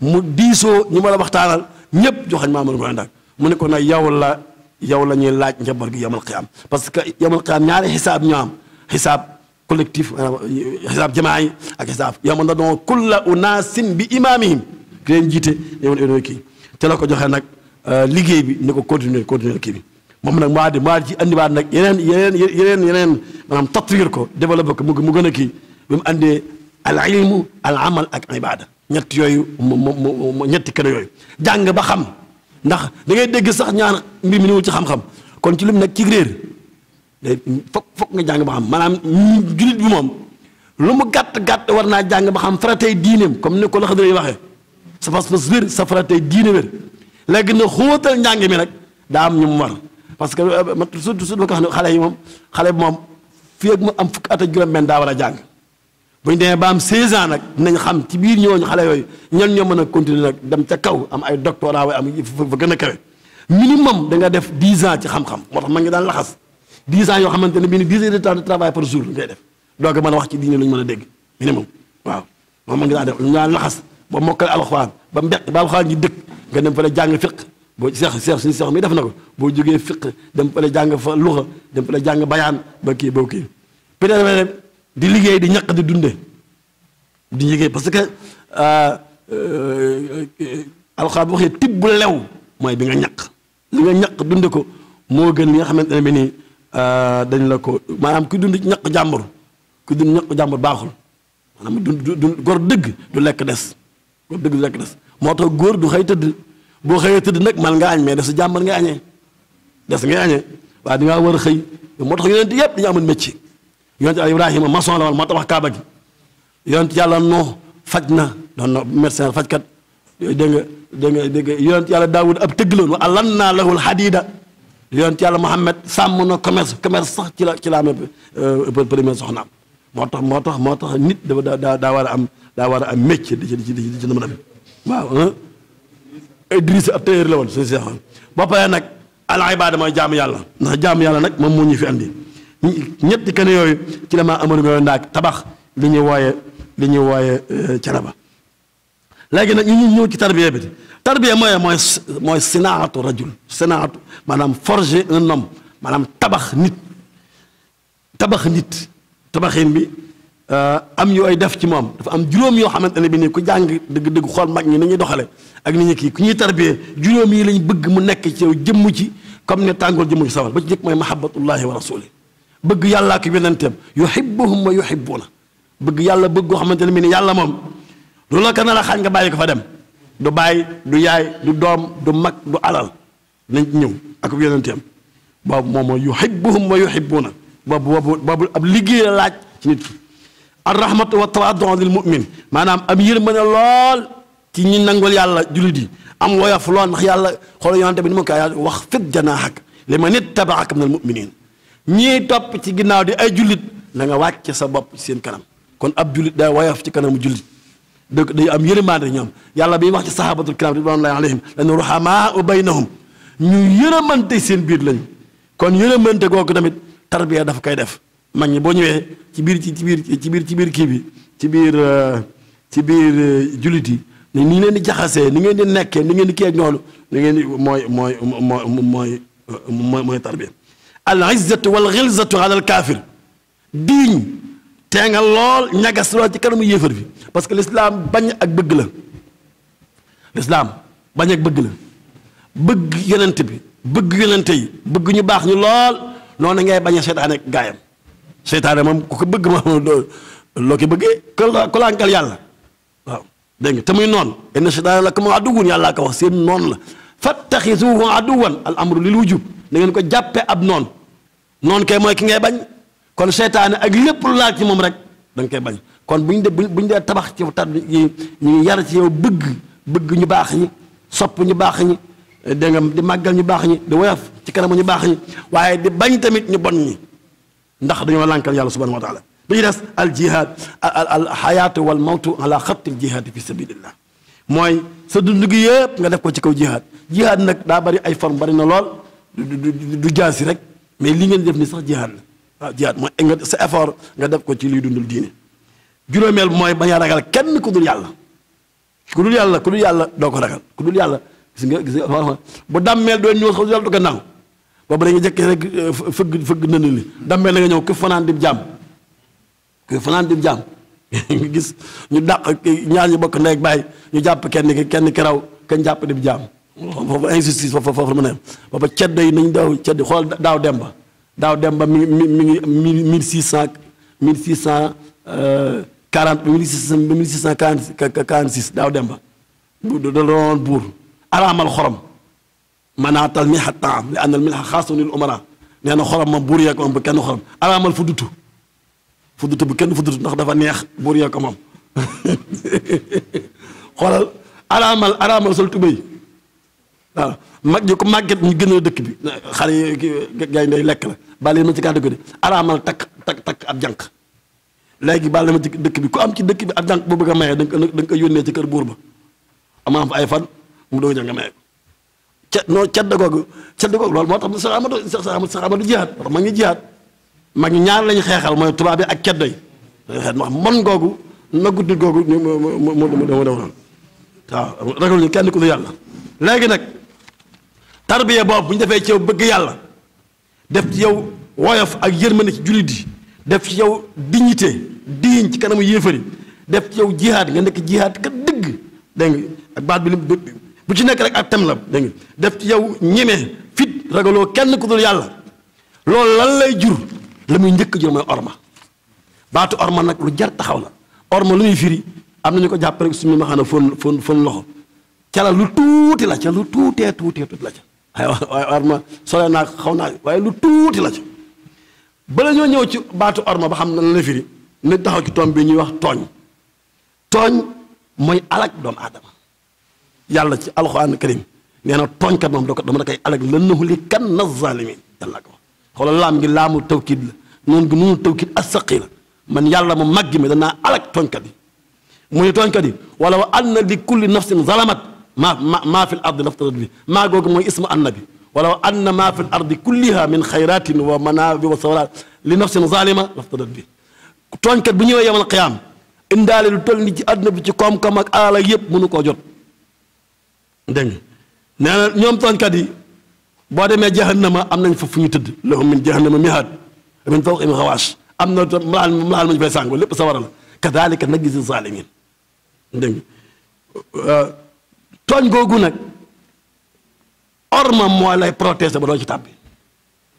mu diisoo ñu ma la waxtaanal ñëpp joxañ maam Amadou Ngoné Ndak mu ne ko nag yow la yow la ñuy laaj njaboot gi yamal xiyaam parce que yamal ñaar ñaari xisaab ñoo am xisaab collectif xisaab jamaa yi ak xisaab yawma nad'u kulla unaasin bi imaamihim ki leen jiite yow na kii te la ko joxe nag euh, liggéey bi ni ko continuer continuer kii bi moom nag maa di maa ci andiwaat nag yeneen yeneen yeneen yeneen maanaam tatwiir ko développé ko mu gën a kii bi mu andee al ilmu al amal ak ibada ñett yooyu ñetti keneen yooyu jàng ba xam. ndax da ngay dégg sax ñaan mbir mi newul ci xam-xam kon ci lu mu nekk ci réer day foog foog nga jàng ba xam maanaam jullit bi moom lu mu gàtt gàtt war naa jàng ba xam faratey diineem comme ni ko la xadra yi waxee sa pas-pas wér sa faratey diine wér léegi na xóotal njàng mi rek daa am ñu mu war parce que euh, su surtout ma ko xam ne xale yi moom xale bi moom fii ak mu am fukki at ak benn daa war a jàng bu ñu demee ba am 16 ans nag dinañ xam ci biir ñooñu xale yooyu ñan ñoo mën a continuer nag dem ca kaw am ay doctorat way am fa gën a kawe minimum da def 10 ans ci xam-xam moo tax ma ngi daan laxas 10 ans yoo xamante ne bii ni 10 heures de temps de travail par jour ngay def a a wax ci diine lu ñu mën a dégg minimum waaw moom ma ngi daan def ñu daan laxas ba mokkale alxuraan ba mbeq ba alxuraan ji dëkk nga dem fa la jàng fiq boo seex seex suñu seex mi def na ko boo jógee fiq dem fa la jàng fa luxa dem fa la jàng bayaan ba kii boo kii peut di liggéey di ñaq di dunde di liggéey parce que euh, euh, alxuraan bu waxee tibb lew mooy bi nga ñaq li nga ñaq dunde ko moo gën li nga xamante ne bi nii euh, dañ la ko maanaam ku dund ñaq jàmbur ku dund ñaq jàmbur baaxul maanaam du du góor dëgg du lekk des góor dëgg du lekk des moo tax góor du xëy tëdd boo xëyee tëdd nag man nga añ mais desu jàmbur nga añe des nga añee waaye di ngaa war a xëy moo tax yonent yëpp dañu amoon métier yonent yàlla Ibrahima maçon la woon moo tabax Kaaba gi yonent noo faj na doon na médecin fajkat nga dégg nga dégg nga yonent yàlla Daawud ab tëgg la woon wa allannaa lahul sàmm na commerce commerce sax ci la ci la euh, moo tax moo tax moo tax nit dafa daa war a am daa war a am di ci di ci di ci mën a waaw Idrissa ab tailleur la woon suñu seexoon ba pare nag al ibaada mooy jaamu yàlla ndax jaamu yàlla nag moom moo ñu fi andi. ñetti kene yooyu ci la maa amoon nga tabax li ñuy wooye li ñuy wooye euh, ba léegi nag ñu ñu ñëw ci tarbiya bi tarbiya mooy mooy mooy sinaatu rajul sinaatu maanaam forger un maanaam tabax nit tabax nit tabaxin bi euh, am yu def ci moom dafa am juróom yoo xamante ne bi nii ku jàng dëgg-dëgg xool mag ñi ni ñuy doxale ak ni ñu kii ku ñuy tarbiyee juróom yi lañ bëgg mu nekk ci yow jëmm ci comme ne tàngoor jëmm ci sawal ba ci njëkk mooy mahabbatullahi wa rasuli bëgg yàlla ak yonenteem yuhibbuhum wa yuhibbuna bëgg yàlla bëgg goo xamante ne mi ne yàlla moom loolu la ko nar a xaaj nga bàyyi ko fa dem du bàyyi du yaay du doom du mag du alal nañ ñëw ak yonenteem boobu moom mooy yuhibbuhum wa yuhibbuna boobu boobu boobu ab liggéey la laaj ci nit ki ar rahmatu wa tawaadon lil mu'min maanaam am yërmande lool ci ñi nangul yàlla jullit yi am woyof yàlla xool yonente bi ma ko wax fit janaaxak li man ittabaaka minal ñii topp ci ginnaaw di ay jullit na nga wàcc sa bopp ci seen kanam kon ab jullit day woyof ci kanamu jullit dëkk day am yërëmaande ñoom yàlla bi wax ci sahabatul kiram ridwanullahi alayhim lañu ruhamaa u baynahum ñu yërëmante seen biir lañu kon yërëmante googu tamit tarbiya dafa koy def mag ñi boo ñëwee ci biir ci biir ci biir ci biir kii bi ci biir euh, ci biir euh, jullit yi ni ngi leen di jaxasee ni ngeen di nekkee ni ngeen di kii ak noonu ni ngeen di mooy mooy mooy mooy mooy tarbiya al izzatu wal xilzatu alal kaafir diiñ tee lool ñagas lool ci kanamu yéefar bi parce que lislaam bañ ak bëgg la lislaam bañ ak bëgg la bëgg yonent bi bëgg yonente yi bëgg ñu baax ñu lool noonu ngay bañ a seytaane gaayam seytaane moom ku ko bëgg moom loo ko bëggee ku yàlla waaw dégg nga te muy noonu inna seytaane la ko ma adduwun yàlla ko wax seen noonu la fattaxisuhu aduwan al amru lil wujub na ngeen ko jàppe ab noon noon kay mooy ki ngay bañ kon seytaane ak lépp lu laal ci moom rek da koy bañ kon bu ñu bu ñu dee tabax ci tar yi ñu yar ci yow bëgg bëgg ñu baax ñi sopp ñu baax ñi dégg di màggal ñu baax ñi di woyof ci kanamu ñu baax ñi waaye di bañ tamit ñu bon ñi ndax dañoo lànkal yàlla subhanahu wa taala bi ñu des al jihad al al xayaatu wal mawtu ala xatti al jihaadi fi sabilillah mooy sa dund gi yëpp nga def ko ci kaw jihaad jihaad nag daa bari ay forme bari na lool du si rek mais li ngeen def ni sax jihaad la waaw jihaad mooy nga sa effort nga def ko ci liy dundul diine juróomeel mooy bañ a ragal kenn ku dul yàlla ku dul yàlla ku yàlla doo ko ragal ku dul yàlla gis nga gis nga bu dàmmeel doon ñëw sax du yàlla du gannaaw boobu da nga jëkk rek euh, fëgg fëgg nënd li dàmmeel da nga ñëw ku fanaan dib jaam ku fanaan dib jaam nga gis ñu dàq ñaar ñu bokk ndey ak baay ñu jàpp kenn ki kenn ki raw kenn jàpp di bi jaam foofu injustice foofu foofu mën a yem booba ceddo yi nañ daw ceddo xool daaw dem ba daaw dem ba mi mi mi ngi mille euh, six cent mille six cent quarante mille six cent quarante six daaw dem ba da doon buur araamal xorom maanaam tal mi xa temps li àndal mi xaasoon lil umara nee na xorom moom buur yeeg moom ba kenn xorom araamal fu dutu fuddut bu kenn fuddut ndax dafa neex buur yee ko moom xoolal araamal araamal sol tubéy waaw mag ji ko màgget ñu gën a dëkk bi xale yi gay ndey lekk la bàyyi ma ci kàddu gi de araamal takk takk takk ab jànq léegi bàyyi ma ci dëkk bi ku am ci dëkk bi ab jànq boo bëgg a maye da nga da nga yónnee ci kër buur ba amaa fa ay fan mu doo a nga maye ca non cadda googu cadda googu loolu moo tax sax amatu sax amatu jihaat moo tax ma ngi jihaat mag ñaar lañu xeexal mooy tubaab ak ceddo yi dañu xeex ndax mon googu nagu nit googu ñu mu mu mu demoon waaw ragal ñu kenn yàlla léegi nag tarbiya boobu bu defee ci bëgg yàlla def ci yow woyof ak yërmande ci jullit yi def ci yow dignité diiñ ci kanamu yéefari def ci yow jihaad nga nekk jihaad kat dégg nga baat bi bu ci nekk rek ak tem la dégg def ci yow ñeme fit ragaloo kenn ku dul yàlla loolu lan lay jur la muy njëkk jël mooy orma baatu orma nag lu jar taxaw la orma lu muy firi am nañu ko jàpp rek suñu maxaana fon fon fon loxo ca la lu tuuti la ca lu tuutee tuutee tuuti la ca waaye orma sole naa xaw naa waaye lu tuuti la ca bala ñoo ñëw ci baatu orma ba xam na la firi nañ taxaw ci tomb bi ñuy wax tooñ tooñ mooy alak doomu aadama yàlla ci alxuraan karim nee na tooñkat moom da ko dama da koy alak lannahu li kan na zalimin yàlla ko wax noonu gi mënul tawkit astaqila man yàlla mu màgg mi danaa alak tooñkat yi mu ne tooñkat yi wala wa anna li kulli nafsin zalamat maa ma maa fi l ardi laftarat bi maa googu mooy ismu annabi wala wa anna maa fi l ardi kulliha min xayratin wa manaabi wa sawraat li nafsin zalima laftarat bi tooñkat bu ñëwee yawmal qiyaam indaale lu toll ni ci àdduna bi ci koom-koom ak alal yëpp mënu koo jot dégg nga nee na ñoom tooñkat yi boo demee jahannama am nañ fa fu ñu tëdd lahum min jahannama mihaad min fawqihim xawaash am na mbalaan mbalaan ma ñu fay sàngoo lépp sawara la kadalika najzi zalimin dégg nga euh, tooñ googu nag orma moo lay protéger ba doo ci tàbbi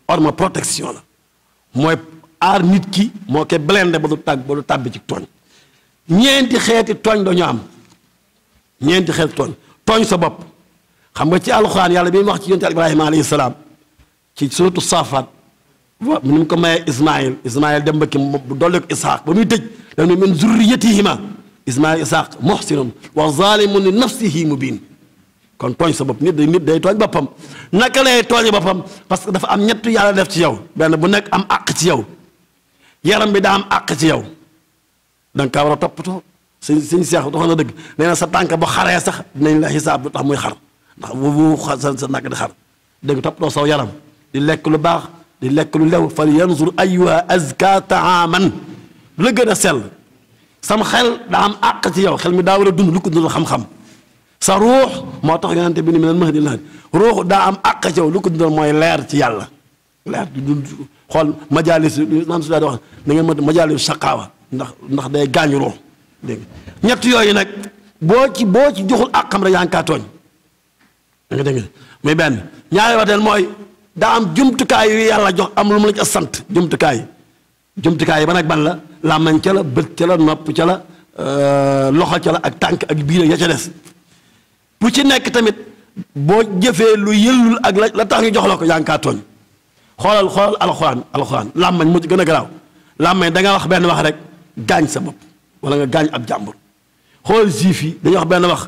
orma protection la mooy aar nit ki moo koy blende ba du tàgg ba du tàbbi ci tooñ ñeenti xeeti tooñ dañu am ñeenti xeeti tooñ tooñ sa bopp xam nga ci alxuraan yàlla bi mu wax ci yonte Ibrahima alayhi salaam ci suratu waaw ni mu ko mayee Ismaïl Ismaïl dem ba ki bu dolli ko Isxaaq ba muy tëj daf ne min zurriyatihima Ismaïl Isxaaq muhsinun wa zalimun li nafsihi mubin kon tooñ sa bopp nit day nit day tooñ boppam naka lay tooñi boppam parce que dafa am ñett yàlla def ci yow benn bu nekk am àq ci yow yaram bi daa am àq ci yow da nga kaa war a toppatoo sëñ sëñ seex doxoon na dëgg nee na sa tànk bu xaree sax dinañ la xisaab lu tax muy xar ndax bu bu sa sa nakk di xar dégg nga toppatoo saw yaram di lekk lu baax di lekk lu lew fal yanzur ayuha azka taaman lu la gën a sell sam xel daa am ci yow xel mi daa war a dund lu ko moo tax yonente bi ni minal mahdi daa am àq ci yow mooy leer ci yàlla leer di dund xool majalis naan su daa di wax da ngeen ma majalis saqaawa ndax ndax day gaañu ruux dégg ñett yooyu nag boo ci boo ci joxul àqam rek kaa tooñ muy benn ñaari wax mooy daa am jumtukaay yu yàlla jox am lu mu la ca sant jumtukaay jumtukaay ba nag ban la làmmañ ca la bët ca la nopp ca la euh, loxo ca la ak tànk ak biir ya ca des bu ci nekk tamit boo jëfee lu yëllul ak la la tax ñu jox la ko yaa tooñ xoolal xoolal alxuraan alxuraan làmmañ mu ci gën a garaaw làmmañ danga wax benn wax rek gaañ sa bopp wala nga gaañ ab jàmbur xoolal juif yi dañuy wax benn wax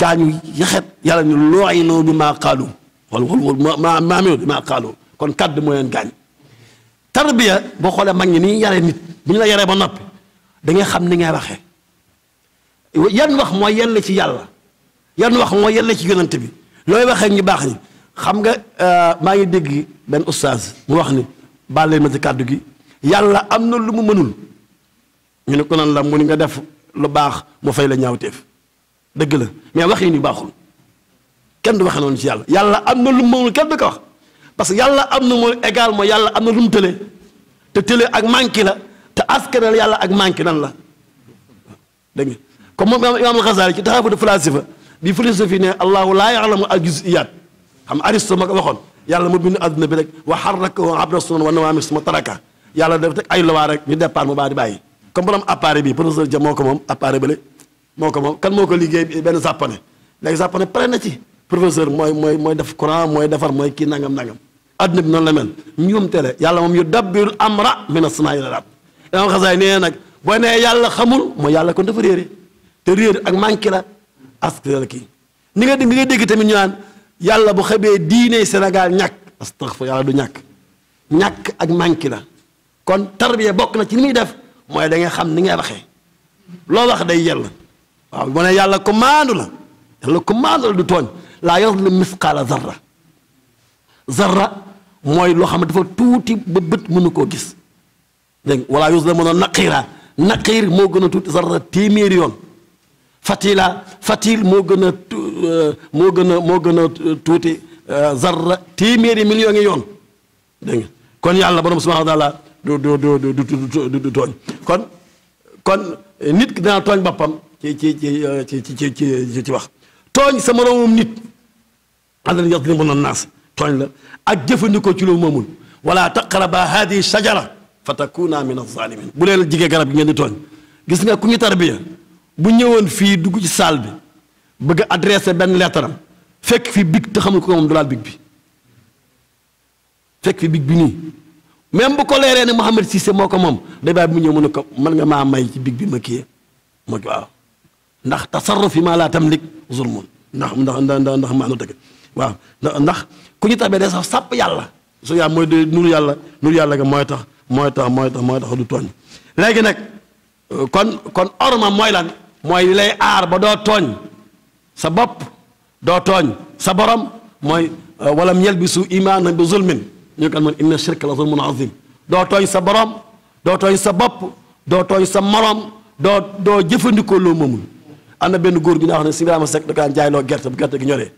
gaañu yaxet yàlla ñu looy noo bi maa qaalu wal wal ma ma ma amilu bi ma qaalu kon kàddu moo leen gaañ tarbiya boo xoolee mag ñi ni yaree nit bu ñu la yaree ba noppi da ngay xam ni ngay waxee yan wax mooy yell ci yàlla yan wax mooy yell ci yonent bi looy waxee ngi baax ñi xam nga euh, maa ngi dégg benn ustaaz mu wax ni baal leen ma ci kàddu gi yàlla am na lu mu mënul ñu ne ko nan la mu ni nga def lu baax mu fay la ñaawteef dëgg la mais wax yi ñu baaxul kenn du waxe noonu ci yàlla yàlla am na lu moomul kenn du ko wax parce que yàlla am na mooy également yàlla am na lu mu tëlee te tëlee ak manqué la te askanal yàlla ak manqué nan la dégg nga comme moom imaam Alxasaali ci taxawu de falasifa bi philosophie ne allahu laa yaalamu al juziyat xam Aristo ma ko waxoon yàlla mu bind adduna bi rek wa harrakahu abra sunan wa nawaamir suma taraka yàlla def rek ay luwaa rek ñu départ mu baa di bàyyi comme borom appareil bi professeur Dia moo ko moom appareil bële moo ko kan moo ko liggéey benn sàppane léegi sàppane pare na ci professeur mooy mooy mooy def Coran mooy defar mooy kii nangam nangam adduna bi noonu la mel ñoom tele yàlla moom yu dabbirul amra mina samaa'i ilal ard imaam Xasaali nee nag boo yàlla xamul mooy yàlla kon dafa réere te ak manqué la ask la kii ni nga nga dégg tamit ñu naan yàlla bu xebee diine Sénégal ñàkk astaghfir yàlla du ñàkk ñàkk ak manqué la kon tarbiya bokk na ci li muy def mooy da nga xam ni ngay waxee loo wax day yell waaw boo nee yàlla commande la yàlla commande la du tooñ laa yazlimu misqaala zarra zarra mooy loo xam ne dafa tuuti ba bët mënu koo gis dégg wala yuzlamuna naqiira naqiir moo gën a tuuti zarra téeméeri yoon fatila fatil moo gën a euh, moo gën a moo gën a tuuti euh, zarra téeméeri millions ngi yoon dégg kon yàlla borom subhanahu wa taala du du du du du tooñ kon kon nit ki dana tooñ boppam ci ci ci euh, ci ci wax tooñ sa moroomum nit allan yadlimuna naas tooñ la ak jëfandikoo ci loo moomul wala taqraba hadihi shajara fa takuna min azalimin bu leen jigee garab gi ngeen di tooñ gis nga ku ñu tarbiya bu ñëwoon fii dugg ci saal bi bëgg a benn lettaram fekk fi big te xamul ko moom du laal big bi fekk fi big bi nii même bu ko leeree ne Mouhamed Cissé moo ko moom day bàyyi bu mu ñëw mu ne ko mën nga maa may ci big bi ma kiyee ma waaw ndax tasarruf yi maa laa tamlik zulmun ndax ndax ndax ndax maanu waaw ndax ndax ku ñu tabee day sax sàpp yàlla su yàlla mooy de nuru yàlla nuru yàlla ga mooy tax mooy tax mooy tax mooy tax du tooñ léegi nag euh, kon kon orma mooy lan mooy lay aar ba doo tooñ sa bopp doo tooñ sa borom mooy euh, walam yalbisu imaana bi zulmin ñu kan moon inna shirka la zulmun azim doo tooñ sa borom doo tooñ sa bopp doo tooñ sa moroom doo doo jëfandikoo loo moomul am na benn góor gi naa wax ne si Ibrahima Seck da kaan gerte bu gerte gi ñoree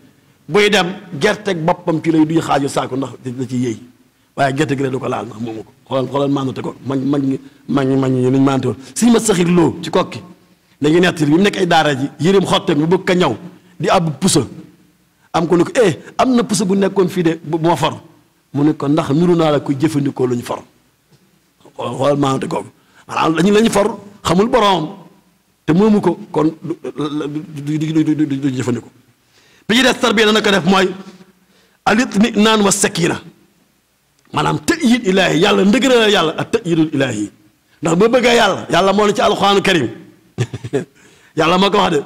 buy dem gerte gerteeg boppam ci lay duy xaaju saako ndax da ci yéey waaye gerte gi rek du ko laal ndax moomu ko xoolal xoolal maandute ko mag mag ñi mag ñi mag ñi ñu maante woon suñu ma saxir loo ci kokki dañuy nett bi mu nekk ay daara ji yërim xotteem ñu bëgg ko ñaw di ab pusa am ko ne eh, am na pusa bu nekkoon fii de bu ma for mu ne ndax nuru naa la koy jëfandikoo lu ñu for xoolal maandute kooku maanaam lañu la ñu for xamul boroom te moomu ko kon du du du du jëfandikoo bi ñu des tarbiya dana ko def mooy alit ni naan wa sakina maanaam tëyit ilaahi yàlla ndëgëral yàlla ak tëyitul ilaahi ndax ba bëggee yàlla yàlla moo ne ci alxuraanu karim yàlla moo ko wax de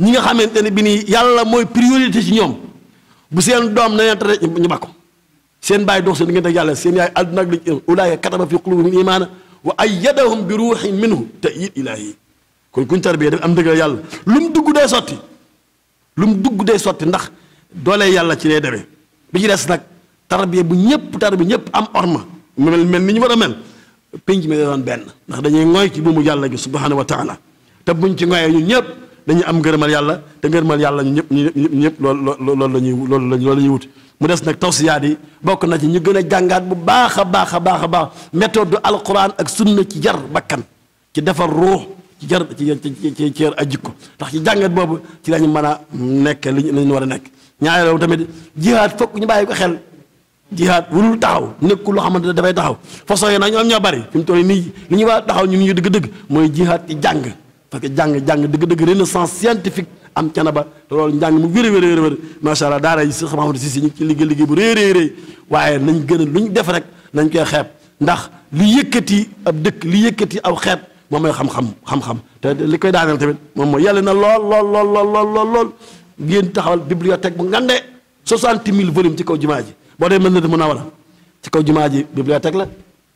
ñi nga xamante ne bi nii yàlla mooy priorité ci ñoom bu seen doom nañu tere ñu bakko seen bàyyi dox seen diggante ak yàlla seen yaay àdduna ak lañ ulaayka kataba fi qulubihim imaana wa ayyadahum bi ruuxin minhu tëyit ilaahi kon kuñ tarbiya def am ndëgëral yàlla lu mu dugg day sotti lu mu dugg dee sotti ndax doole yàlla ci lay demee bi ñu des nag tarbiya bu ñëpp tarbiya ñëpp am orma mu mel mel ni ñu war a mel pénc mi doon benn ndax dañuy ngoy ci buumu yàlla gi subhanahu wa taala te buñ ci ngoyee ñun ñëpp dañuy am ngërëmal yàlla te ngërëmal yàlla ñu ñëpp ñu ñëpp loolu loolu la ñuy loolu la loolu la wut mu des nag tawsiyaat yi bokk na ci ñu gën a jàngaat bu baax a baax a baax a baax méthode du alquran ak sunna ci jar bakkan ci defar ruux ci jar ci ci ci yar ak jikko tax ci jàngat boobu ci lañu mën a nekk li ñu war a nekk ñaareelu tamit jihaat fokk ñu bàyyi ko xel jihaat wulul taxaw nekkul loo xamante ne dafay taxaw façon yi nag ñoom ñoo bari fi mu nii li ñu war a taxaw ñun ñu dëgg-dëgg mooy jihaat ci jàng parce que jàng jàng dëgg-dëgg renaissance scientifique am cana ba te loolu njàng mu wér a wér a wér macha daara yi si xam xamante si si ñu ci bu rëy rëy rëy waaye nañ gën a lu ñu def rek nañ koy xeeb ndax li yëkkati ab dëkk li yëkkati aw xeet moom mooy xam-xam xam-xam te li koy daaneel tamit moom mooy yàlla na lool lool lool lool lool lool lool ngeen taxawal bibliothèque bu ngandee soixante mille volumes ci kaw jumaa ji boo dee mën na mën na war a ci kaw jumaa ji bibliothèque la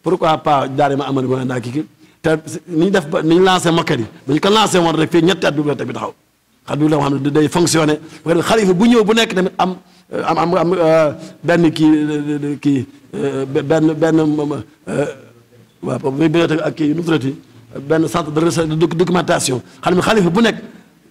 pourquoi pas daari ma amari ma ndaa kii te ni ñu def ba ni ñu lancé Mokari ba ñu ko lancé woon rek fii ñetti at bi taxaw xam la xam ne day fonctionné xalifa bu ñëw bu nekk tamit am am am am euh, benn kii kii euh, benn benn euh, waaw bibliothèque ak kii nu benn centre de recherche de documentation xam ne xalifa bu nekk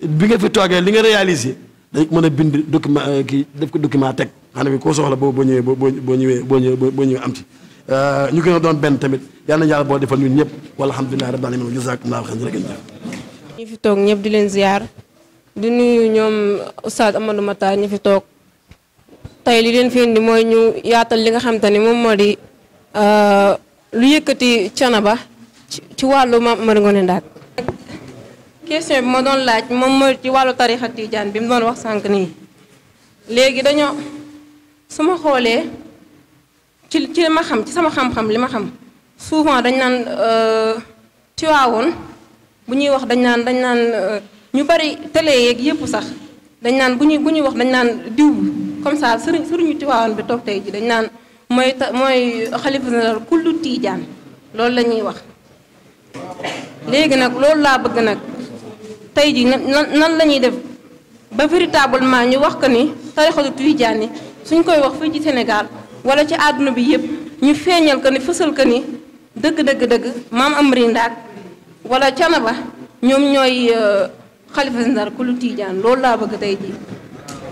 bi nga fi toogee li nga réalisé dañ mën a bind document euh, kii def ko document teg xanaa bi koo soxla boo boo ñëwee boo boo ñëwee boo ñëwee boo ñëwee am ci euh, ñu gën a doon benn tamit yal na boo defal ñun ñëpp walhamdulilah rabbil alamin jazakumullahu xayran jërëjëf fi toog ñëpp di leen ziar di nuyu ñoom oustaz Amadou Matar fi toog tey li leen fi indi ñu yaatal li nga xam te ne moom moo di euh, lu yëkkati Thiénaba ci wàllu Mame Omar Ngoné Ndak. question bi ma doon laaj moom mooy ci wàllu tarixa tijaan bi mu doon wax sànq nii léegi dañoo su ma xoolee ci ci li ma xam ci sama xam-xam li ma xam souvent dañ naan euh, Tiwaawoon bu ñuy wax dañ naan dañ naan euh, ñu bari télé yeeg yépp sax dañ naan bu ñuy bu ñuy wax dañ naan diw comme ça sëriñ sëriñu Tiwaawoon bi toog tey ji dañ naan mooy mooy xalifa général kullu tijaan loolu la ñuy wax léegi nag loolu laa bëgg nag tey ji nan nan la ñuy def ba véritablement ñu wax que ni tarixatu tijaan yi suñ koy wax fii ci Sénégal wala ci àdduna bi yépp ñu feeñal que ni fësal que ni dëgg dëgg dëgg maam Amary Ndaak wala Canaba ñoom ñooy euh, xalifa Ndar ku lu tijaan loolu laa bëgg tey ji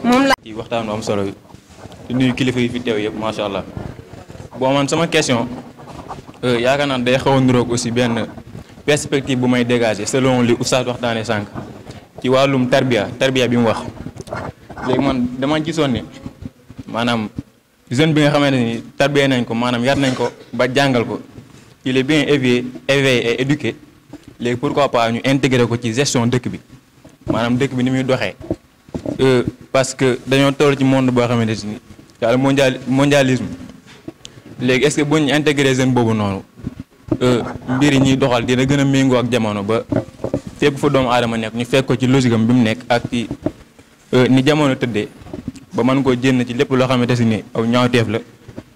moom la kii waxtaan am solo bi di kilifa yi fi teew yëpp macha allah bon man sama question euh, yaakaar naa day xaw a niroog aussi benn. perspective bu may dégager selon li oustaz waxtaane sànq ci wàllum tarbiya tarbiya bi mu wax léegi man dama gisoon ne maanaam jeune bi nga xamante ni tarbiya nañ ko maanaam yar nañ ko ba jàngal ko il est bien éveillé éveillé et éduqué léegi pourquoi pas ñu intégrer ko ci gestion dëkk bi maanaam dëkk bi ni muy doxee euh, parce que dañoo toll ci monde boo xamante ni daal mondial mondialisme léegi est-ce que bu ñu intégré jeune boobu noonu Euh, mbir yi ñuy doxal dina gën a méngoo ak jamono ba fépp fu doomu aadama nekk ñu fekk ko ci logique bi mu nekk ak ci euh, ni jamono tëddee ba man koo jénn ci lépp loo xamante ni aw ñaawteef la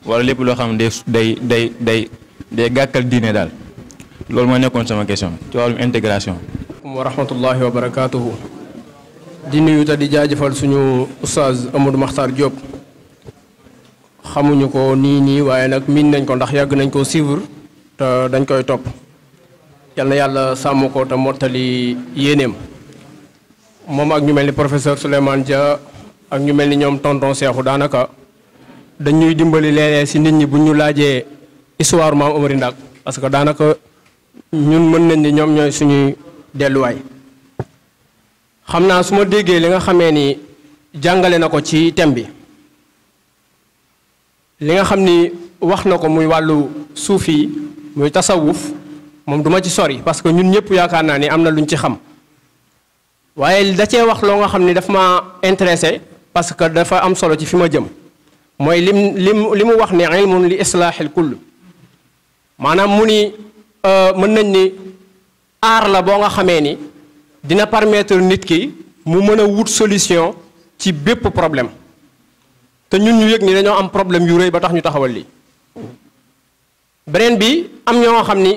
wala lépp loo xam ne day day day day gàkkal diine daal loolu moo nekkoon sama question ci wàllum intégration. wa rahmatullahi wa barakaatuhu. di nuyu te di jaajëfal suñu oustaz Amadou Makhtar Diop. xamuñu ko nii nii waaye nag miin nañ ko ndax yàgg nañ koo suivre. dañ koy topp yal na yàlla sàmm ko te mottali yéeneem moom ak ñu mel ni professeur Souleymane Dia ak ñu mel ni ñoom tonton Seexu daanaka dañuy dimbali léeg-léeg si nit ñi bu ñu laajee histoire maam Amary Ndack parce que daanaka ñun mën nañ ni ñoom ñooy suñuy delluwaay xam naa su ma déggee li nga xamee ni jàngale na ko ci thème bi li nga xam ni wax na ko muy wàllu suufi muy tasawuf moom duma ci sori parce que ñun ñëpp yaakaar naa ni am na luñ ci xam waaye da cee wax loo nga xam ni dafa ma intéressé parce que dafa am solo ci fi ma jëm mooy lim lim li mu wax ne ilmun li islaaxil kull maanaam mu ni euh, mën nañ ni aar la boo nga xamee ni dina permettre nit ki mu mën a wut solution ci bépp problème te ñun ñu yëg ni dañoo am problème yu rëy ba tax ñu taxawal lii beneen bi am ñoo xam ni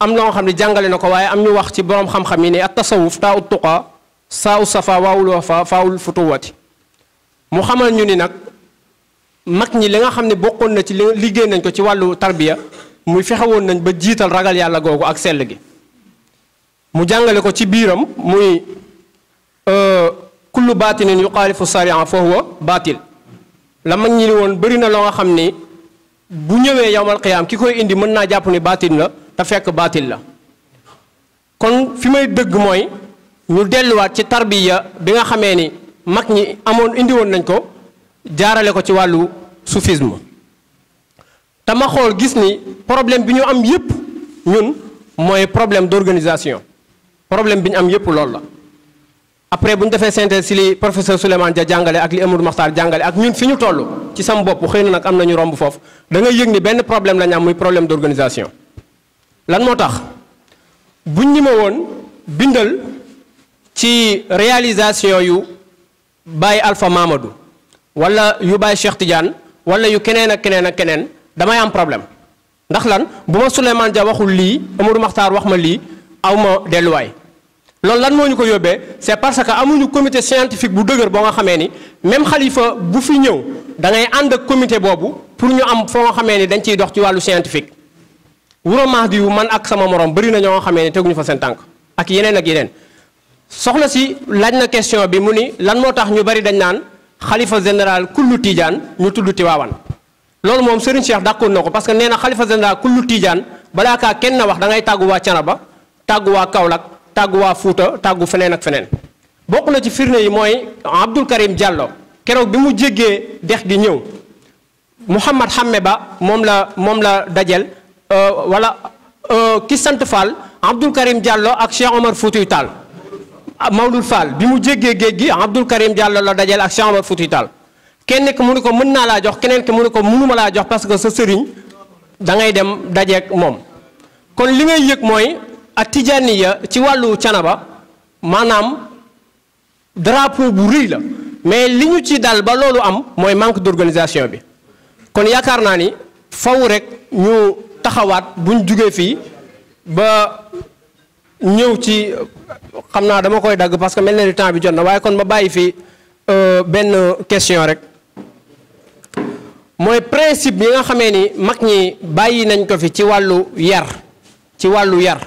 am loo xam ni jàngale na ko waaye am ñu wax ci boroom xam-xam yi ne ak tasawuf taa ut tuqaa saa u safa waawul wafa faawul futuwati mu xamal ñu ni nag mag ñi li nga xam ne bokkoon na ci li liggéey nañ ko ci wàllu tarbiya muy fexewoon nañ ba jiital ragal yàlla googu ak sell gi mu jàngale ko ci biiram muy euh, kullu baatinin yuxaalifu sariya fa huwa baatil la mag ñi li woon bëri na loo nga xam ni bu ñëwee yowmal qiyaam ki koy indi mën naa jàpp ni baatin la te fekk baatin la kon fi may dëgg mooy ñu delluwaat ci tarbiya bi nga xamee ni mag ñi amoon indi woon nañ ko jaarale ko ci wàllu soufisme te ma xool gis ni problème bi ñu am yépp ñun mooy problème d'organisation problème bi ñu am yépp loolu la après bu ñu defee synthèse si li professeur Souleymane Dia jàngale ak li Amadou Makhtar jàngale ak ñun fi ñu toll ci sam bopp xëy na nag am na ñu romb foofu da ngay yëg ni benn problème lañ am muy problème d'organisation. lan moo tax buñ ñi ma woon bindal ci réalisation yu bàyyi Alpha Mamadou wala yu Baye Cheikh Tidiane wala yu keneen ak keneen ak keneen damay am problème ndax lan bu ma Souleymane Dia waxul lii Amadou Makhtar wax ma lii aw ma delluwaay. loolu lan moo ñu ko yóbbee c'est parce que amuñu comité scientifique bu dëgër boo nga xamee ni même xalifa bu fi ñëw da ngay ànd ak comité boobu pour ñu am foo nga xamee ni dañ ciy dox ci wàllu scientifique. Wuro Mahdi yu man ak sama moroom bari na ñoo nga xamee ni teguñu fa seen tànk ak yeneen ak yeneen soxna si laaj na question bi mu ni lan moo tax ñu bari dañ naan xalifa général kullu Tidiane ñu tudd Tiwaawan. loolu moom Serigne Cheikh dàkkoon na ko parce que nee na xalifa général kullu Tidiane balaa kenn na wax da ngay tàggu waa Canaba tàggu waa tàggu waa Fuuta tàggu feneen ak feneen bokk na ci firne yi mooy Abdou Karim Diallo keroog bi mu jéggee dex gi ñëw Mouhamad Hamme Ba moom la moom la dajel euh, wala euh, ki sant Fall Abdou Karim Diallo ak Cheikh Omar Foutiou Tall ah, Maodoul Fall bi mu jéggee géej gi Abdou Karim Diallo la dajel ak Cheikh Omar Foutiou taal kenn ki mu ne ko mën naa laa jox keneen ki mu ne ko mënuma laa jox parce que sa sëriñ dangay dem dajeek moom kon li ngay yëg mooy ak tijaaniya ci wàllu canaba maanaam drapeau bu rëy la mais li ñu ci daal ba loolu am mooy manque d'organisation bi kon yaakaar naa ni faw rek ñu taxawaat buñ jugee fii ba ñëw ci xam naa dama koy dagg parce que mel na ni temps bi jot na waaye kon ma bàyyi fii euh, benn question rek mooy principe yi nga xamee ni mag ñi bàyyi nañ ko fi ci wàllu yar ci wàllu yar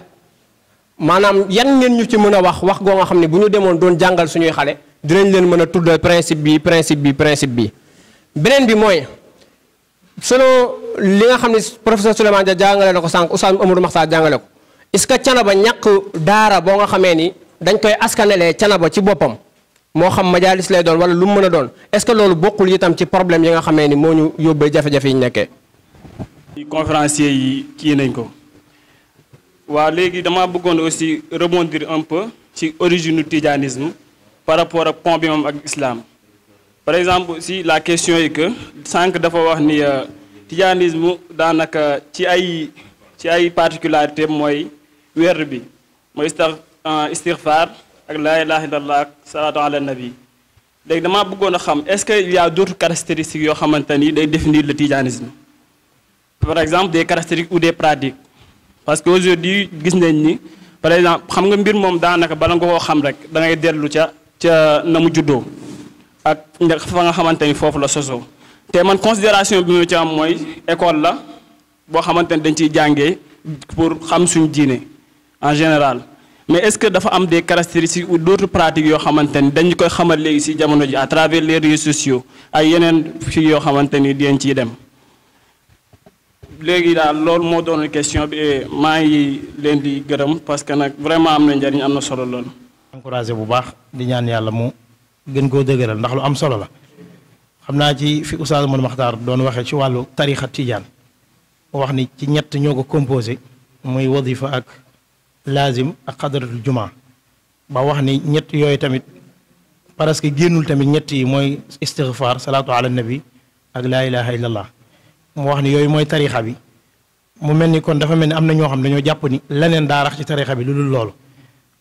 maanaam yan ngeen ñu ci mën a wax wax goo nga xam ne bu ñu demoon doon jàngal suñuy xale dinañ leen mën a tuddal principe bi principe bi principe bi beneen bi mooy selon li nga xam ne professeur Souleymane Dia jàngale na ko sànq Oustaz Amadou saa jàngale ko est-ce que canaba ñàkk daara boo nga xamee ni dañ koy askanelee canaba ci boppam moo xam majaalis lay doon wala lu mu mën a doon est-ce que loolu bokkul itam ci problème yi nga xamee ni moo ñu yóbbee jafe-jafe yi ñu nekkee. conférencier yi nañ ko. waaw léegi damaa bëggoon a aussi rebondir un peu ci origine du tijanisme par rapport ak pont bi moom ak islaam par exemple aussi la question yi que sànq dafa wax ni euh, tijanisme daanaka ci ay ci ay particularité mooy weer bi mooy istax euh, istighfar ak laa ilaha illallah ak salaatu ala nabi léegi damaa bëggoon a xam est-ce que il y a d'autres caractéristiques yoo xamante ni day définir le tijanisme par exemple des caractéristiques ou des pratiques parce que aujourd'hui gis nañ ni par exemple xam nga mbir moom daanaka bala nga koo xam rek dangay dellu ca ca na mu juddoo ak fa nga xamante ni foofu la sosoo te man considération bi mu ca am mooy école la boo xamante ni dañ ciy jàngee pour xam suñu diine en général mais est-ce que dafa am des caractéristiques ou d'autres pratiques yoo xamante ni dañu koy xamal léegi ci jamono ji à travers les réseaux sociaux ay yeneen fii yoo xamante ni dañ ciy dem léegi daal loolu moo doon question bi maa ngi leen di gërëm parce que nag vraiment am na njariñ am na solo lool. encouragé bu baax di ñaan yàlla mu gën koo dëgëral ndax lu am solo la xam naa ci fi Oustaz Modou Makhtar doon waxee ci wàllu tarixa tijaan wax ni ci ñett ñoo ko composé muy wadifa ak lazim ak xadaratul juma ba wax ni ñett yooyu tamit parce que génnul tamit ñett yi mooy istixfar salaatu ala nabi ak laa ilaha illallah mu wax ni yooyu mooy tariixa bi mu mel ni kon dafa mel ni am na ñoo xam dañoo jàpp ni leneen daa rax ci tariixa bi lu dul loolu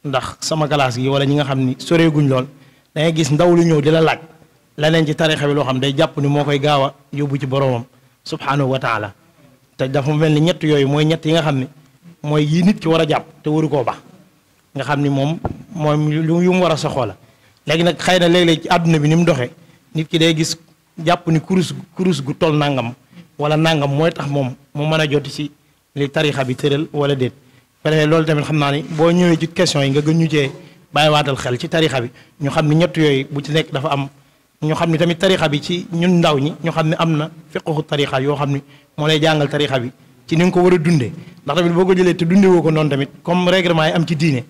ndax sama classe gi wala ñi nga xam ni soreeguñ lool da ngay gis ndaw lu ñëw di la laaj leneen ci tariixa bi loo xam day jàpp ni moo koy gaaw a yóbbu ci boroomam subhaanahu wa taala te dafa mel ni ñett yooyu mooy ñett yi nga xam ne mooy yi nit ki war a jàpp te waru koo baax nga xam ni moom moom yu mu war a soxoo la léegi nag xëy na léeg-léeg ci àdduna bi ni mu doxee nit ki day gis jàpp ni kurus kurus gu toll nàngam wala nangam mooy tax moom mu mën a jot ci li tarixa bi tëral wala déet pare loolu tamit xam naa ni boo ñëwee ci question yi nga gën ñu jee waatal xel ci tarixa bi ñu xam ni ñett yooyu bu ci nekk dafa am ñu xam ni tamit tarixa bi ci ñun ndaw ñi ñu xam ne am na fiqhu tarixa yoo xam ni moo lay jàngal tarixa bi ci ni nga ko war a dundee ndax tamit boo ko jëlee te dunde woo ko noonu tamit comme règlement yi am ci diine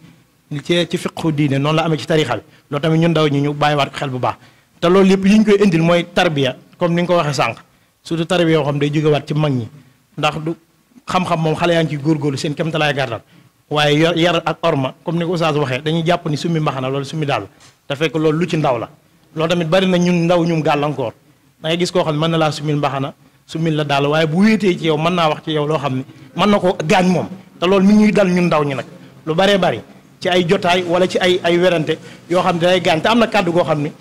ci ci diine noonu la amee ci tarixa bi loo tamit ñu ndaw ñi ñu bàyyiwaat ko xel bu baax te loolu yëpp yi ñu koy indil mooy tarbiya comme ni nga ko waxee sànq surtout tarbiya yoo xam day jógewaat ci mag ñi ndax du xam-xam moom xale yaa ngi ciy góorgóorlu seen kéemtalaay gàttal waaye yor yar ak orma comme ni ko Oustaz waxee dañuy jàpp ni summi mbaxana loolu summi daal te fekk loolu lu ci ndaw la loolu tamit bari na ñun ndaw ñum gàllankoor da gis koo xam mën na laa sumil mbaxana sumil la daal waaye bu wéetee ci yow mën naa wax ci yow loo xam ne mën na ko gaañ moom te loolu mi ñuy dal ñun ndaw ñi nag lu baree bari ci ay jotaay wala ci ay ay werante yoo xam ne day gaañ te am na kàddu koo xam ne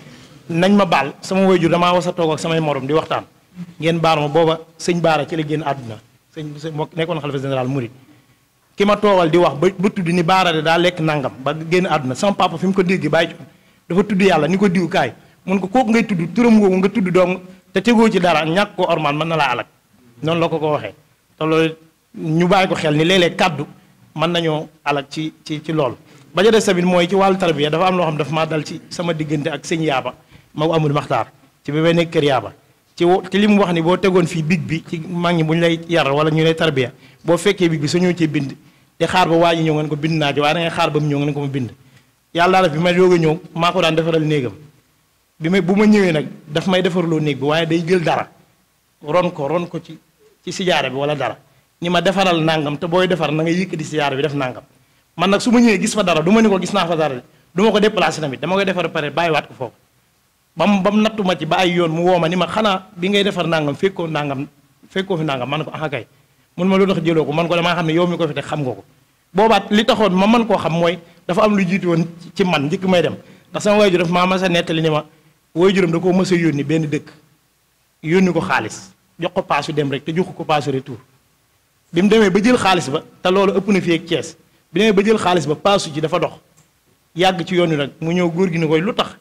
nañ ma baal sama wayjur damaa wasa toog ak samay morom di waxtaan ngeen baal ma booba sëñ baara ci la génn àdduna sëñ moo nekkoon xalifa général murid ki ma toowal di wax ba ba tudd ni baara de lekk nangam ba génn àdduna sama papa fi mu ko dégg bàyyi coon dafa tudd yàlla ni ko diw kaay mun ko kooku ngay tudd turam googu nga tudd dong te tegoo ci dara ñàkk ko ormaan man na laa alag noonu la ko ko waxee te loolu ñu bàyyi ko xel ni léeg kàddu mën nañoo alak ci ci ci loolu ba ja des tamit mooy ci wàllu tarbiya dafa am loo xam dafa maa dal ci sama diggante ak sëñ yaaba ma amul maxtaar ci bi may nekk kër yaaba ci ci li mu wax ni boo tegoon fii big bi ci mag ñi bu ñu lay yar wala ñu lay tarbiya boo fekkee big bi soo ñëw cee bind te xaar ba waa ji ñëw ngeen ko bind naa ci waaye da xaar ba mu ñëw ngeen ko ma bind yàlla def bi ma yóoga ñëw maa ko daan defaral néegam bi may bu ma ñëwee nag daf may defarloo néeg bi waaye day jël dara ron ko ron ko ci ci sijaare bi wala dara ni ma defaral nangam te booy defar na nga yëkkati sijaare bi def nangam man nag su ma ñëwee gis fa dara du ma ni ko gis naa fa du ko déplacé tamit dama defar pare bàyyiwaat ko foofu ba mu nattuma ci ba ay yoon mu woo ma ni ma xanaa bi ngay defar nangam fekkoo nangam fekkoo fi nangam man ko ah kay mun ma lu tax jëloo ko man ko damaa xam ne yow mi ko fi teg nga ko. boobaa li taxoon ma man koo xam mooy dafa am lu jiitu woon ci man njëkk may dem ndax sama waajur dafa maa mas a nettali ni ma waajuram da koo mas a yónni benn dëkk yónni ko xaalis jox ko paasu dem rek te jox ko paasu retour. bi mu demee ba jël xaalis ba te loolu ëpp na fi ak Thiès bi demee ba jël xaalis ba paasu ji dafa dox yàgg ci yoon yu nag mu ñëw góor gi ni koy lu tax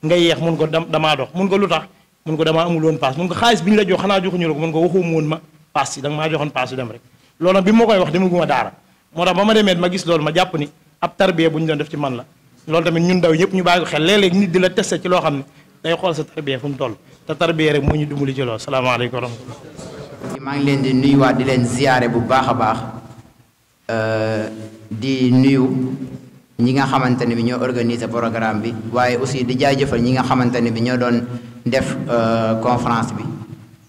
nga yeex mun ko damaa dox mun ko lu tax mun ko damaa amul woon paas mun ko xaalis bi ñu la jox xanaa joxuñu la ko mun ko waxuma woon ma paas yi da nga maa joxoon paas yu dem rek loolu nag bi ma koy wax dama guma daara moo tax ma demee ma gis loolu ma jàpp ni ab tarbiya bu ñu doon la loolu tamit ñun ndaw ñëpp ñu bàyyi xel léeg-léeg nit di la testé ci loo xam ne day xool sa tarbiya fu mu toll te tarbiya rek moo ñu dimbali ci loolu salaamaaleykum wa rahmatulah maa ngi leen di nuyuwaat di leen ziyaare bu baax a baax di nuyu ñi nga xamante ne bi ñoo organiser programme bi waaye aussi di jëfal ñi nga xamante ne bi ñoo doon def euh, conférence bi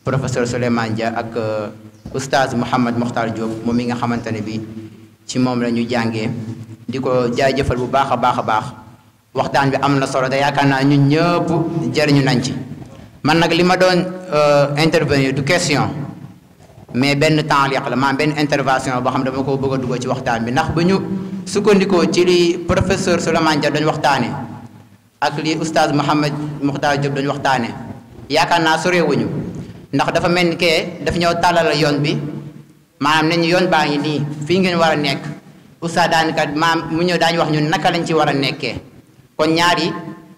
professeur Souleymane Dia ak euh, oustaz Mouhamed Mokhtar Diop moom mi nga xamante ne bi ci moom la ñu jàngee di ko jaajëfal bu baax a baax a baax waxtaan bi am na solo te yaakaar naa ñun ñëpp jëriñu nañ ci man nag li ma doon euh, intervenir du question mais benn temps la maanaam benn intervention boo xam dama ko bëgg a ci waxtaan bi ndax bu ñu sukkandikoo ci li professeur Souleymane Dia dañ waxtaane ak li oustaz Mouhamed Mokhtar Diop dañ waxtaane yaakaar naa soreewuñu ndax dafa mel ni kee daf ñëw tàllal yoon bi maanaam nañu yoon baa ngi nii fii ngeen war a nekk oustaz daanaka maam mu ñëw daañu wax ñun naka lañ ci war a nekkee kon ñaar yi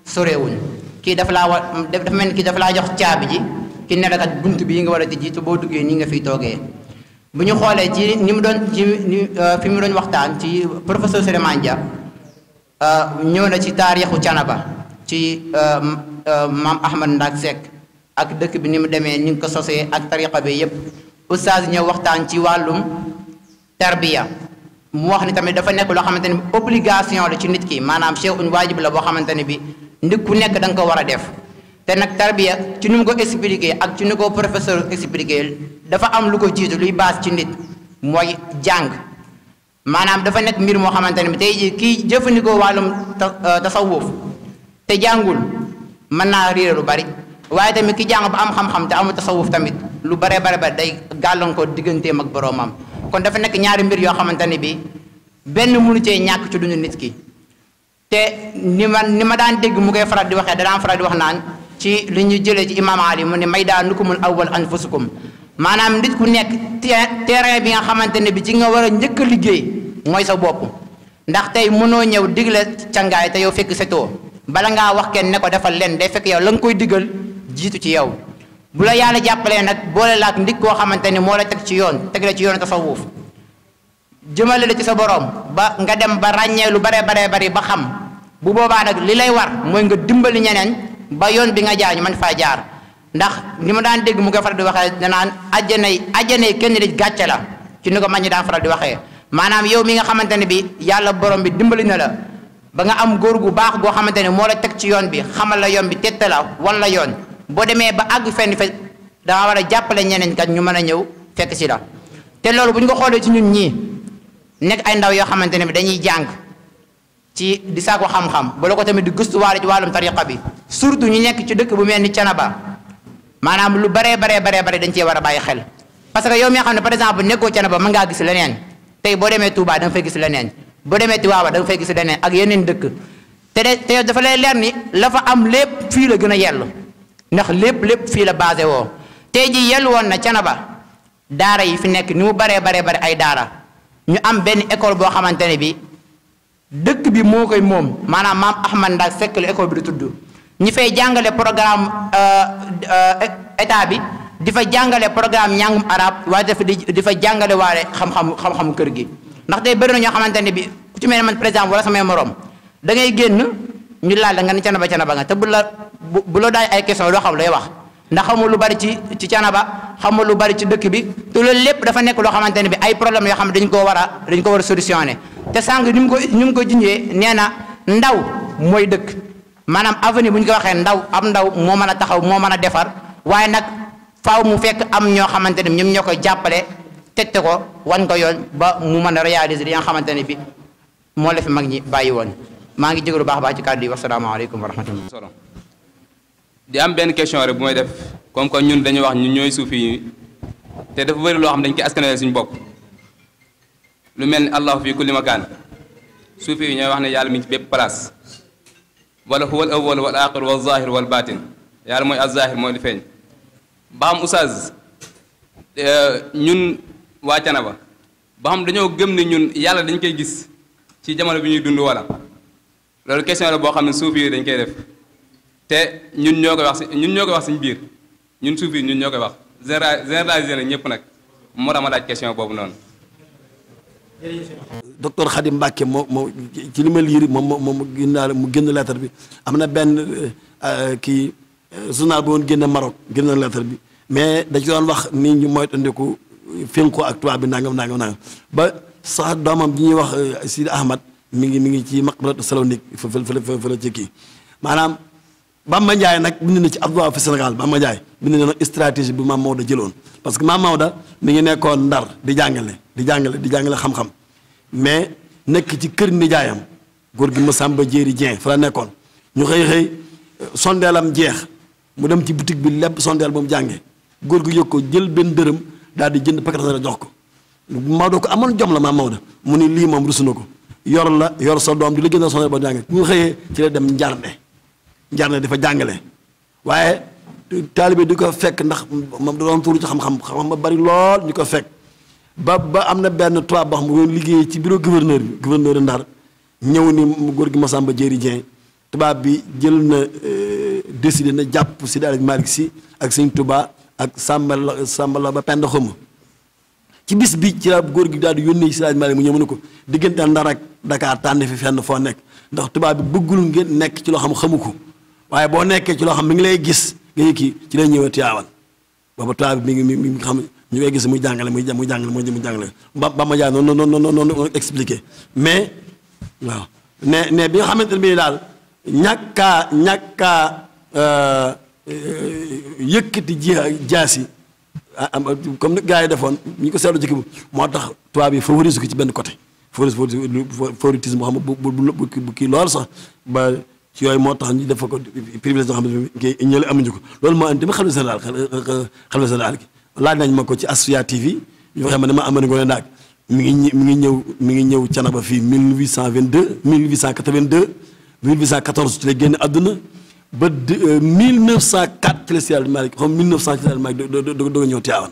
soreewuñu kii dafa laa wa dafa mel ni kii dafa laa jox caabi ji ki ne la bunt bi yi nga war a tijji te boo duggee nii nga fiy toogee bu ñu xoolee ci ni mu doon ci euh, fi mu doon waxtaan ci professeur Souleymane Dia euh, ñëw na ci taarixu Canaba ci euh, maam Ahmad Ndak Seck ak dëkk bi ni mu demee ni nga ko sosee ak tariqa bi yépp oustaz ñëw waxtaan ci wàllum tarbiya mu wax ni tamit dafa nekk loo xamante ne bi obligation la ci nit ki maanaam cheikhun waajib la boo xamante ne bi nit ku nekk da nga ko war a def te nag tarbiya ci nu ko expliqué ak ci nu ko professeur expliqué dafa am lu ko jiitu luy baas ci nit mooy jàng maanaam dafa nekk mbir moo xamante ne bi tey jii kii jëfandikoo wàllum euh, tasawuf te jàngul mën naa réer lu bari waaye tamit ki jàng ba am xam-xam te amul tasawuf tamit lu bare bare bare day gàllankoor digganteem ak boroomam kon dafa nekk ñaari mbir yoo xamante ne bi benn mënu cee ñàkk ci dundu nit ki te ni ma ni ma daan dégg mu koy faral di waxee da daan faral di wax naan ci li ñu jëlee ci imam ali mu ne may daa nukumul awwal anfusukum maanaam nit ku nekk terrain bi nga xamante ne bi ci nga war a njëkk liggéey mooy sa bopp ndax tey mënoo ñëw digle cangaay te yow fekk setoo bala ngaa wax kenn ne ko defal leen day fekk yow la nga koy digal jiitu ci yow bu la yàlla jàppaleen nag boole laak ndig koo xamante ni moo la teg ci yoon teg la ci yoon tasawuf jëmale la ci sa boroom ba nga dem ba ràññee lu bare bare bari ba xam bu boobaa nag li lay war mooy nga dimbali ñeneen ba yoon bi nga jaar ñu mën faa jaar ndax ni ma daan dégg mu koy faral di waxee danaan ajjanay ajjanay kenn di gàcce la ci ni ko mag ñi daan faral di waxee maanaam yow mi nga xamante ne bi yàlla borom bi dimbali na la ba nga am góor gu baax goo xamante ne moo la teg ci yoon bi xamal la yoon bi tette la wan la yoon boo demee ba àgg fenn fe danga war a jàppale ñeneen kat ñu mën a ñëw fekk si la te loolu bu ñu ko xoolee ci ñun ñi nekk ay ndaw yoo xamante ne bi dañuy jàng ci di saako xam-xam bala ko tamit di gëstuwaale ci wàllum tariqa bi surtout ñu nekk ci dëkk bu mel ni Canaba maanaam lu baree baree baree bare dañ cee war a bàyyi xel parce que yow mi nga xam ne par exemple nekkoo Canaba mën ngaa gis leneen tey boo demee Touba da nga fay gis leneen boo demee Tiwaawaan da nga fay gis leneen ak yeneen dëkk te de dafa lay leer ni la fa am lépp fii la gën a yellu ndax lépp lépp fii la basé woo tey ji yell woon na Canaba daara yi fi nekk ni mu baree baree bare ay daara ñu am benn école boo xamante ne bi dëkk bi moo koy moom maanaam maam Ahmad Ndak Seck la école bi di tudd ñi fay jàngale programme euh, euh, état bi di fa jàngale programme ñàngum araab waaye dafa di di fa jàngale waale xam-xam xam-xamu kër gi ndax tey bëri na ñoo xamante ne bi ku ci mel man par exemple wala samay morom da ngay génn ñu laal la nga ne cana ba ba nga te bu la bu la daaj ay question doo xam lay wax ndax xamul lu bari ci ci canaba xamul lu bari ci dëkk bi te loolu lépp dafa nekk loo xamante ne bi ay problème yoo xam ne dañ koo war a dañ ko war a solutionné te sàng ñu mu ko ñu mu ko jinjee nee na ndaw mooy dëkk maanaam avenir bu ñu ko waxee ndaw am ndaw moo mën a taxaw moo mën a defar waaye nag faaw mu fekk am ñoo xamante ne ñoom ñoo koy jàppale te ko wan ko yoon ba mu mën a réaliser li nga xamante ne bi moo la fi mag ñi bàyyi woon maa ngi jégalu baax baax ci kàddu yi wasalaamaaleykum wa rahmatullah di am benn question rek bu mooy def comme que ñun dañuy wax ñun ñooy suufi yi te dafa bëri loo xam dañ koy askanale suñu bopp lu mel ni allahu fi kulli makaan suufi yi ñooy wax ne yàlla mi ngi ci bépp place wala huwal awwal wal aaxir wal zaahir wal baatin yàlla mooy azzaahir mooy li feeñ ba xam oustaz eh, ñun waa na ba xam dañoo gëm ne ñun yàlla dañ koy gis ci jamono bi ñuy dund walla loolu question la boo xam ne suufi yi dañ koy def te ñun ñoo koy wax si ñun ñoo koy wax suñu biir ñun suuf ñun ñoo koy wax généraliser ñëpp nag moo dama laaj question boobu noonu. docteur Khadim Mbacke moo moo ci li ma liir moom moom mu génnaale mu génn lettre bi am na benn euh, euh, kii euh, journal bi woon génn Maroc génn lettre bi mais dañu doon wax ni mooy moytandiku finko ak tubaab bi nangam nangam nangam ba sax doomam bi ñuy wax Sidi Ahmad mi ngi mi ngi ci maqbaratu Salonique fële fële fële ci kii Bamba Ndiaye nag bind na ci adwa fi Sénégal Bamba Ndiaye bind na nag stratégie bi Maam Maodo jëloon parce que Maam Maodo mi ngi nekkoon ndar di jàngale di jàngale di jàngale xam-xam mais nekk ci kër nijaayam góor gi Massamba Jéeri Dieng fa la nekkoon ñu xëy xëy euh, sondeelam jeex mu dem ci boutique bi lépp sondeel ba mu jàngee góor gi yëg ko jël benn dërëm daal di jënd paquet sondeel jox ko Maodo ko amoon jom la Maam Maodo mu ni lii moom rusu ko yor la yor sa doom di la jëndal sondeel ba mu jàngee ñu xëyee ci dem njarne njar dafa jàngale waaye taalibe di ko fekk ndax moom da doon tuuru ci xam-xam xam ba bari lool ñu ko fekk ba ba am na benn tubaab boo xam ne doon liggéey ci bureau gouverneur bi gouverneur Ndar ñëw ni góor gi Massamba Diéry Dieng tubaab bi jël na euh, décidé na jàpp si daal ak si ak sëñ Touba ak Samba Samba la ba Penda Xoma ci bi ci la gi daal di yónnee si daal mu ñëw mu ne ko diggante Ndar ak Dakar tànn fi fenn foo nekk ndax tubaab bi bëggul ngeen nekk ci loo xam xamu ko. waaye boo nekkee ci loo xam mi ngi lay gis ngay kii ci lay ñëwee Tiwaawan booba tubaab bi mi ngi mi ngi xam ñu koy gis muy jàngale muy muy jàngale muy jàngale ba ba ma jaay noonu noonu noonu noonu expliqué mais waaw ne ne bi nga xamante ne bii daal ñàkkaa ñàkkaa euh, yëkkati ji jaasi ah, comme ni gars yi defoon ñu ko seetlu jëkk bi moo tax tubaab yi favorise ko ci benn côté favorise favoritisme boo xam bu bu kii lool sax ba ci yooyu moo tax ñu def ko privilège yoo xam ne ñële amuñu ko loolu moo andi tamit xalifa ma ko ci Asfiya TV ñu fexe ma ne ma Amari Ngoone Ndak ngi ñëw mi ngi ñëw Canaba fii 1822 1882 1814 ci la génn àdduna ba 1904 euh, ci la Seydi Malick xam 1900 ci la Malick doog a ñëw Tiwaawan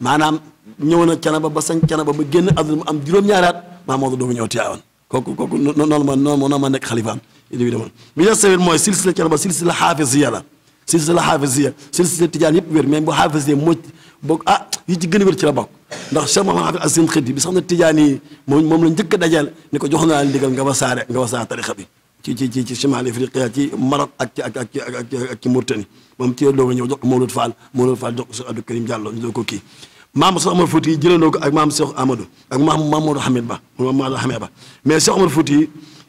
maanaam ñëw na Canaba ba sañ Canaba ba mu am juróom-ñaari at maa moo doog a ñëw Tiwaawan kooku kooku noonu ma noonu ma nekk xalifaam li demoon bi des sa wér mooy silsila ci silsila xaafisiya la silsila xaafisiya silsila tijaan yëpp wér mais bu xaafisiya moo bokk ah yi ci gën a ndax Cheikh moom la njëkk a dajal ni ko jox naa leen ndigal nga wasaare nga wasaare tarixa bi ci ci ci ci ci Maroc ak ci ak moom ci doog a ñëw jox ko Mawlud Fall Mawlud Fall jox ko Cheikh Abdou kii maam Cheikh Omar Fouti yi ak maam Cheikh Amadou ak maam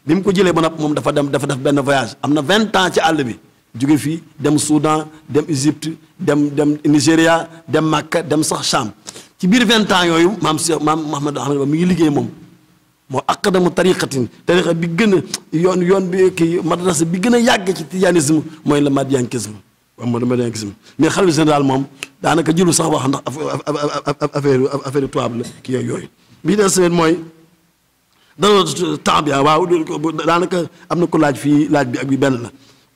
bi mu ko jëlee ba nag moom dafa dem dafa def benn voyage am na vingt ans ci àll bi jóge fii dem Soudan dem Égypte dem dem Nigéria dem Makka dem sax Cham ci biir vingt ans yooyu maam Cheikh maam Mouhamadou Ahmad Ba mi ngi liggéey moom moo aqdamu tariqatin tariqa bi gën yoon yoon bi kii madrasa bi gën a yàgg ci tijanisme mooy la madiankisme waaw mooy la madiankisme mais xalifa général moom daanaka jëlu sax wax ndax affaire affaire tubaab la kii yooyu bi mooy. dana temps bi ah, waaw daanaka am na ko laaj fii laaj bi ak bi benn la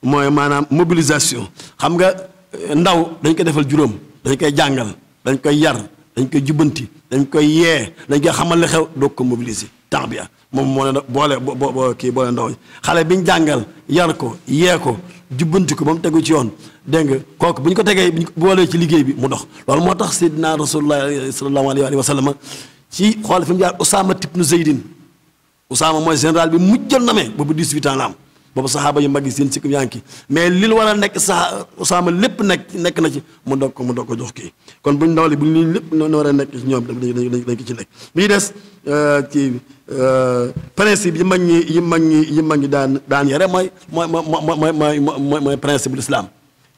mooy maanaam mobilisation xam nga eh, ndaw dañ ko defal juróom dañ koy jàngal dañ koy yar dañ koy jubbanti dañ koy yee dañ koy xamal li xew doog ko mobiliser temps bi ah, moom moo ne boole boo kii boole ndaw xale bi ñu jàngal yar ko yee ko jubbanti ko ba mu tegu ci yoon dégg nga kooku bu ñu ko tegee bu ñu boolee ci liggéey bi mu dox loolu moo tax seydina rasulullah sallallahu alayhi wa sallam ci xool fi mu jaar Usaama ibnu Zeydin Usaama mooy général bi mujjal na me boobu 18 ans la am boobu saxaaba yu mag yi seen sikkim yaa ngi mais li lu war a nekk sax Usaama lépp nekk nekk na ci mu doog ko mu doog ko jox kii kon buñ ndaw li buñ lii lépp na war a nekk ci ñoom dañ ko ci nekk bi ñu des euh, ci euh, principe yi mag ñi yi mag ñi mag ñi daan daan yare mooy mooy mooy mooy mooy principe l'islam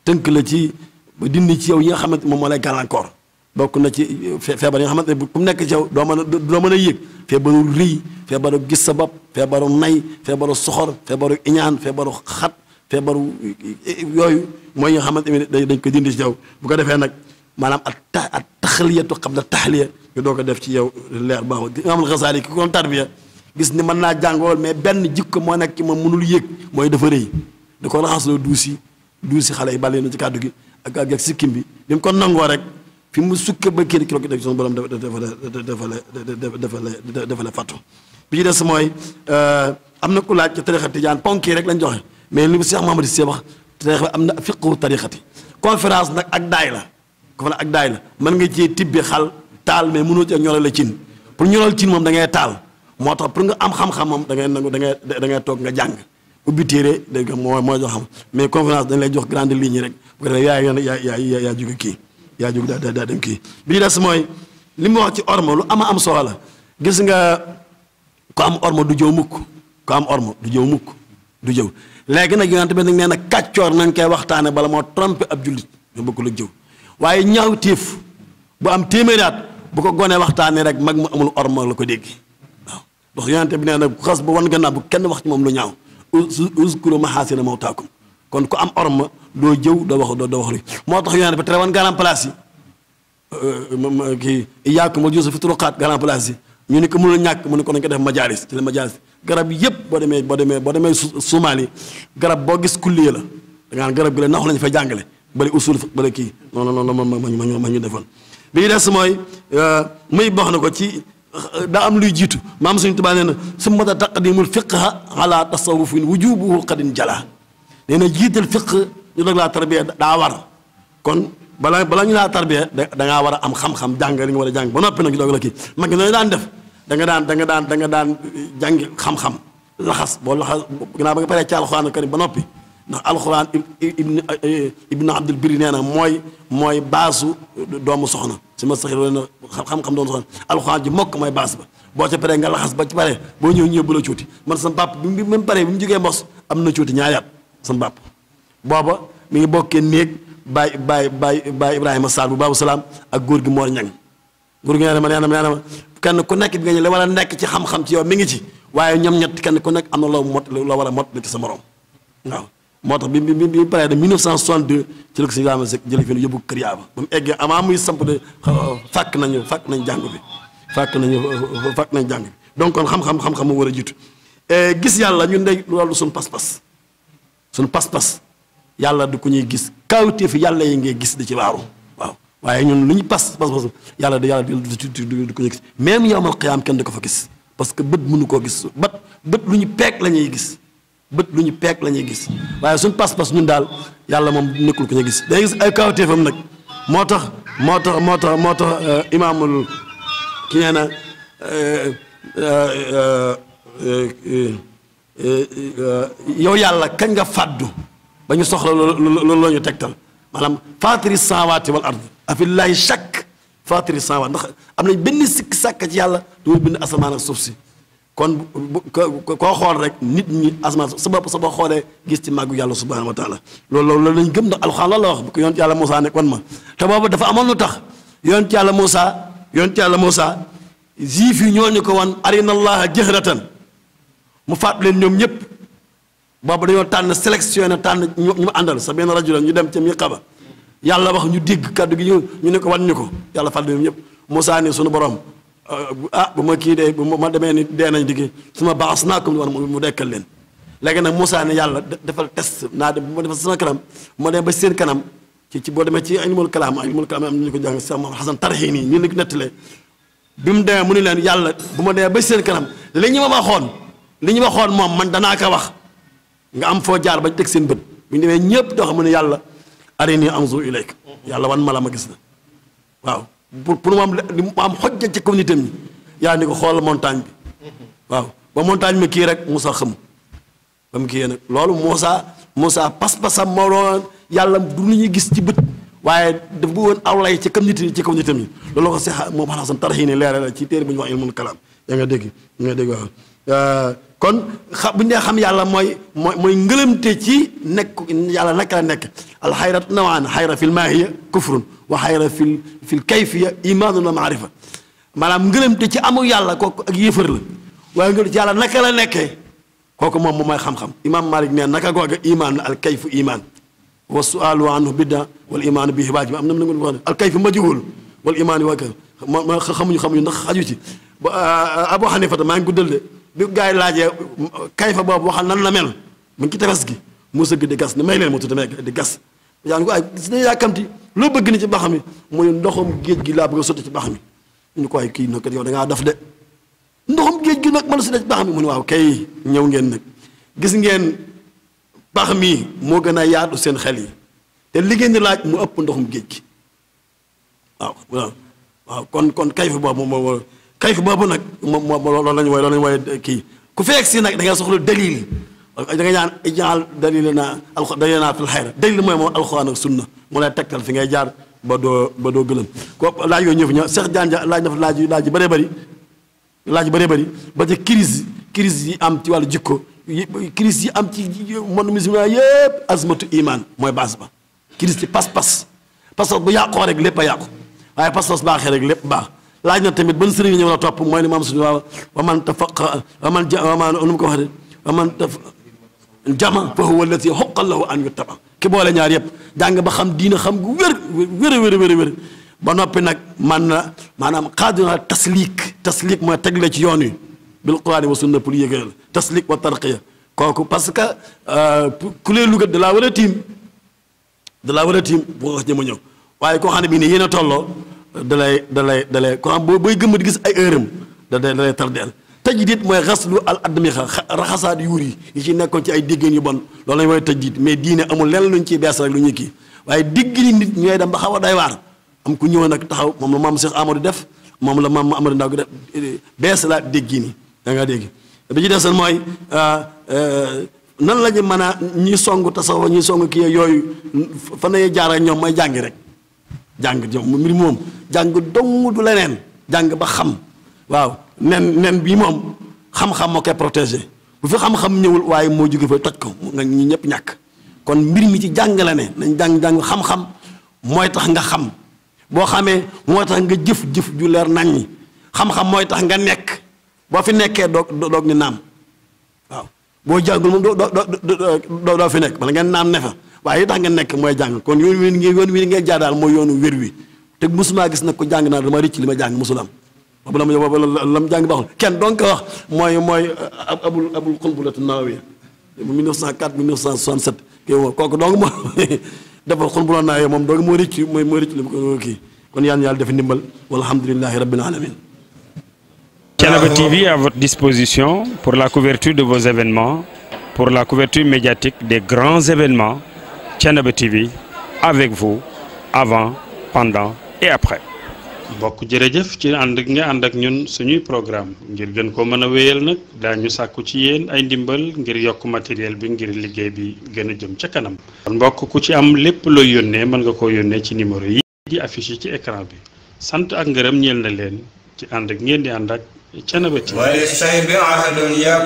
tënk la ci ba dindi ci yow yi nga xamante moom moo lay gàllankoor bokk na ci feebar yi nga xamante ne bu ku nekk ci yow doo mën a doo mën a yëg feebaru rëy feebaru gis sa bopp feebaru nay feebaru soxor feebaru iñaan feebaru xat feebaru yooyu mooy yi nga xamante ne dañ ko dindi ci yow bu ko defee nag maanaam ak ta at taxaliyatu xam na taxaliya ñu doo ko def ci yow leer baaxul i nga xam ne xasaali ki ko tarbiya gis ni mën naa jàngool mais benn jikko moo nekk ci moom mënul yëg mooy dafa rëy da ko raxasloo duusi duusi xale yi bàle na ci kàddu gi ak ak sikkim bi bi mu nangoo rek fi mu sukk ba kii kilo ki def ci suñu borom dafa des mooy euh, am na ku laaj ci tarixa tijaan ponk yi rek lañ joxe mais li mu Cheikh Mamadou Sy wax tarixa am na fiqu tarixati conférence nag ak daay la ko fa ak daay la mën nga cee tibbi xal taal mais mënoo ci ñoral la cin pour ñoral cin moom da ngay taal moo tax pour nga am xam-xam moom da ngay nangu da ngay da ngay toog nga jàng ubbi téere dégg moo mooy jox xam mais conférence dañ lay jox grande ligne rek bu ko defee yaa yaa yaa yaa jóge kii yaa jóg daa daa dem kii bii ñu des mooy li mu wax ci orma lu ama am solo la gis nga ko am orma du jëw mukk ko am orma du jëw mukk du jëw léegi nag yonent bi nag nee na kàccoor nañ koy waxtaane bala moo trompé ab jullit ñu bëgg lu jëw waaye ñaaw téef bu am téeméeri at bu ko gonee waxtaanee rek mag mu amul orma la ko dégg waaw ndax bi nee na xas ba wan gannaaw bu kenn wax ci moom lu ñaaw uzkuru mahaasina mawtaakum kon ku am ma doo jëw doo wax doo wax luy moo tax yoon ba tere woon garan place yi euh, kii iyaakum wal juluusa fi turuqaat garan place ñu ne ko mënul ñàkk mu ne ko nañ ko def majalis ci la majalis garab yëpp boo demee boo demee boo demee Somalie garab boo gis kulliya la da ngaa garab gi la naxu lañu fay jàngale bëri usul bëri kii noonu noonu ma ma ma ñu defoon bi ñu des mooy euh, muy baax na ko ci euh, daa am luy jiitu maam suñu tubaab nee na summa taqdimul fiqha ala tasawufin wujubuhu qadin jala nee na jiital fiq ñu doog laa tarbiya daa war kon balaa bala ñu laa tarbiya da ngaa war a am xam-xam jàng li nga war a jàng ba noppi nag ñu la kii mag gi noonu daan def da daan da daan da daan jàngi xam-xam laxas boo laxas ginnaaw ba nga paree ci alxuraan karim ba noppi ndax alxuraan ibn ibnu abdul biri nee na mooy mooy baasu doomu soxna su ma saxir wala xam-xam doomu soxna alxuraan ji mokk mooy baas ba boo ca paree nga laxas ba ci boo ñëw ñëw bu la cuuti man sama papa bi mu paree bi mu jógee mbos am na cuuti ñaari at sama bàpp booba mi ngi bokkee néeg baay baay baay baay Ibrahima Sall bu baabu salaam ak góor gi Mor Ñang góor gi nee na ma nee na ma nee na ma kenn ku nekk bi nga ñu la war a nekk ci xam-xam ci yow mi ngi ci waaye ñoom ñett kenn ku nekk am na loo mot loo war a mot la ci sa morom waaw moo tax bi bi bi bi paree de 1962 ci la ko sëñ Ibrahima Seck jëlee fi yóbbu kër yaaba ba mu eggee avant muy samp de fàkk nañu fàkk nañ jàng bi fàkk nañu fàkk nañ jàng bi donc kon xam-xam xam-xam moo war a jiitu eh, gis yàlla ñun de loolu suñu pas-pas suñu pas-pas yàlla du ko ñuy gis kawtee fi yàlla yi ngay gis di ci waaru waaw waaye ñun lu ñu pas pas pas yàlla du yàlla du ko ñuy gis même yowmal qiyaam kenn du ko fa gis parce que bët mënu koo gis bët bët lu ñu peeg la ñuy gis bët lu ñu peeg la ñuy gis waaye suñu pas-pas ñun daal yàlla moom nekkul ko ñuy gis day gis ay kawteefam nag moo tax moo tax moo tax moo tax euh, imaamul ki nee na euh, euh, Eh, eh, eh, yow yàlla kañ nga fàddu ba ñu soxla loolu la ñu tegtal maanaam faatiri samawati wal ard afillaahi shakk faatiri samawat ndax am nañ benn sikk sàkk ci yàlla dumu bind asamaan ak suuf si kon koo xool rek nit ñi asamaan sa bopp sa bopp xoolee gis ci màggu yàlla subhanahu wa taala loolu loolu loolu lañ gëm da alxuraan loolu la wax bu ko yonent yàlla Moussa nekk wan ma te boobu dafa amoon lu tax yonent yàlla Moussa yonent yàlla Moussa juif yi ñoo ñu ko wan arina allaha jahratan mu faat leen ñoom ñëpp boobu dañoo tànn sélectionné tànn ñu ma àndal sa benn rajo la ñu dem ca miqa ba yàlla wax ñu digg kàddu gi ñu ne ko wan ñu ko yàlla faat leen ñoom ñëpp Moussa ni suñu borom euh, ah bu ma kii dee bu ma demee ni dee nañ digg su ma baax naa comme mu dekkal leen léegi nag Moussa ne yàlla defal test naa dem bu ma defal sama kanam ma dem ba seen kanam ci ci boo demee ci animal kalaam animal kalaam am nañu ko jàng sama xasan tarxii nii ñu ne nettalee bi mu demee mu ni leen yàlla bu ma demee ba seen kanam li ñu ma waxoon li ñu waxoon moom man danaa ko wax nga am foo jaar ba teg seen bët bu ñu demee ñëpp doo xam ne yàlla arini anzur ilayk yàlla wan ma a ma gis na waaw pour pour mu am mu am xojja ci communauté mi yaa ni ko xool montagne bi waaw ba montagne kii rek Moussa xam ba mu kii nag loolu Moussa Moussa pas-pasam moo yàlla du lu ñuy gis ci bët waaye daf bu woon awlay ci communauté ci communauté mi loolu ko seex moom xanaa sam tarxii ni leeral la ci téere bu ñu wax ilmul kalaam yaa nga dégg nga dégg waaw euh, kon xam bu ñu xam yàlla mooy mooy mooy ngëlëmte ci nekk yàlla naka la nekk alxayratu nawaan xayra fil maahiya kufrun wa xayra fil fil kayfiya imaanun wa maarifa maanaam ngëlëmte ci amu yàlla kooku ak yëfër la waaye ngël ci la nekkee kooku moom moom mooy xam-xam imaam Malik nee naka googa imaan al kayfu imaan wa sualu anhu bidda wal imaanu bihi waajib am na mu ne al kayfu majhuul wal imaan waa kër ma ma xamuñu xamuñu ndax xaju ci Abu Xanifa maa ngi guddal de bi gaa yi laajee kayfa boobu waxal nan la mel mu ngi ci tefes gi mu sëgg di gas ne may leen ma tuuti may di gas yaa ngi ko ay gis nañu yàkkamti loo bëgg ni ci bax mi mooy ndoxam géej gi laa bëgg sotti ci bax mi ñu ko ay kii nag yow da ngaa de ndoxam géej gi nag mën na si ne ci bax mi mu ne waaw kay ñëw ngeen nag gis ngeen bax mi moo gën a yaatu seen xel yi te li ngeen laaj mu ëpp ndoxum géej gi waaw waaw kon kon kayfa boobu moom kayfu boobu nag moom moom loolu lañu wooye loolu lañu wooye kii ku fekk si nag da nga soxla dalil da nga ñaan ijaal dalil naa alxu dalil naa fil xayra dalil mooy moom alxuraan ak sunna mu lay tegtal fi ngay jaar ba doo ba doo gëlëm ko laaj yooyu ñëw fi ñëw Cheikh laaj na fa laaj yu laaj yu bëree bëri ba ci crise crise yi am ci wàllu jikko crise yi am ci monde musulman yëpp azmatu imaan mooy base ba crise ci pas-pas pas-pas bu yàqoo rek lépp a yàqu waaye pas-pas baaxee rek lépp baax laaj na tamit ban sëriñ ñu mën a topp mooy ni maam suñu waaw wa man tafaqa wa man ja wa man nu mu ko waxee wa ki boole ñaar yëpp jàng ba xam diina xam gu wér wér wér ba noppi nag man na maanaam xaadina tasliik tasliik mooy teg la ci yoon wi bil quraan wa sunna pour yëgal tasliik wa tarqiya kooku parce que euh, ku lee lugat da laa war a tiim da laa war a tiim bu nga wax jëma ñëw waaye koo xam ne bii ne yéen a tolloo dalay dalay dalay ko am boo booy gëm di gis ay heurem da da dalay tardeel tajdiit mooy xaslu al admi xa raxasaat yuur yi yi ci nekkoon ci ay déggéen yu bon loolu lañ mooy tajdiit mais diine amul lenn luñ ciy bees rek lu ñu kii waaye digg ni nit ñooy dem ba xaw a day waar am ku ñëw nag taxaw moom la maam Cheikh Amadou def moom la maam Amadou Ndaw def bees la déggi ni da nga dégg bi ci des mooy euh, euh, nan la ñu mën a ñi song tasawoo ñi song kii yooyu fa la ñuy jaar ak ñoom mooy jàngi rek jàng moom mbir moom jàng dong du leneen jàng ba xam waaw nen nen bii moom xam-xam moo koy protégé bu fi xam-xam ñëwul waaye moo jóge fa toj ko nga ñi ñëpp ñàkk kon mbir mi ci jàng la ne nañ jàng jàng xam-xam mooy tax nga xam boo xamee mooy tax nga jëf jëf ju leer naññi xam-xam mooy tax nga nekk boo fi nekkee doog doog ni naam waaw doo fi nekk bala ngeen naam ne fa waaye li tax ngeen nekk mooy jàng kon yoon wi ngi yoon wi ngeen jaar daal mooy yoonu wér wi te musumaa gis nag ko jàng naa dama rëcc li ma jàng musul am boobu la la mu jàng baaxul kenn donc wax mooy mooy abul abul xulbulatu nawawiya 1904 1967 kii moom kooku donc moom dafa moom donc moo rëcc mooy moo rëcc li mu ko kii kon yaan yàlla def ndimbal walhamdulilahi rabbil alamin Thiénaba TV à votre disposition pour la couverture de vos événements, pour la couverture médiatique de grands événements Thiénaba bi avec vous avant pendant et après. mbokk jërëjëf ci ànd ak nga ànd ak ñun suñuy programme ngir gën ko mën a wéyal nag daañu sàkku ci yéen ay ndimbal ngir yokk matériel bi ngir liggéey bi gën a jëm ca kanam. kon mbokk ku ci am lépp looy yónnee mën nga koo yónnee ci numéro yi di affiché ci écran bi sant ak ngërëm ñeel na leen ci ànd ak ngeen di ànd ak Thiénaba TV. wala say bi ahadun yab.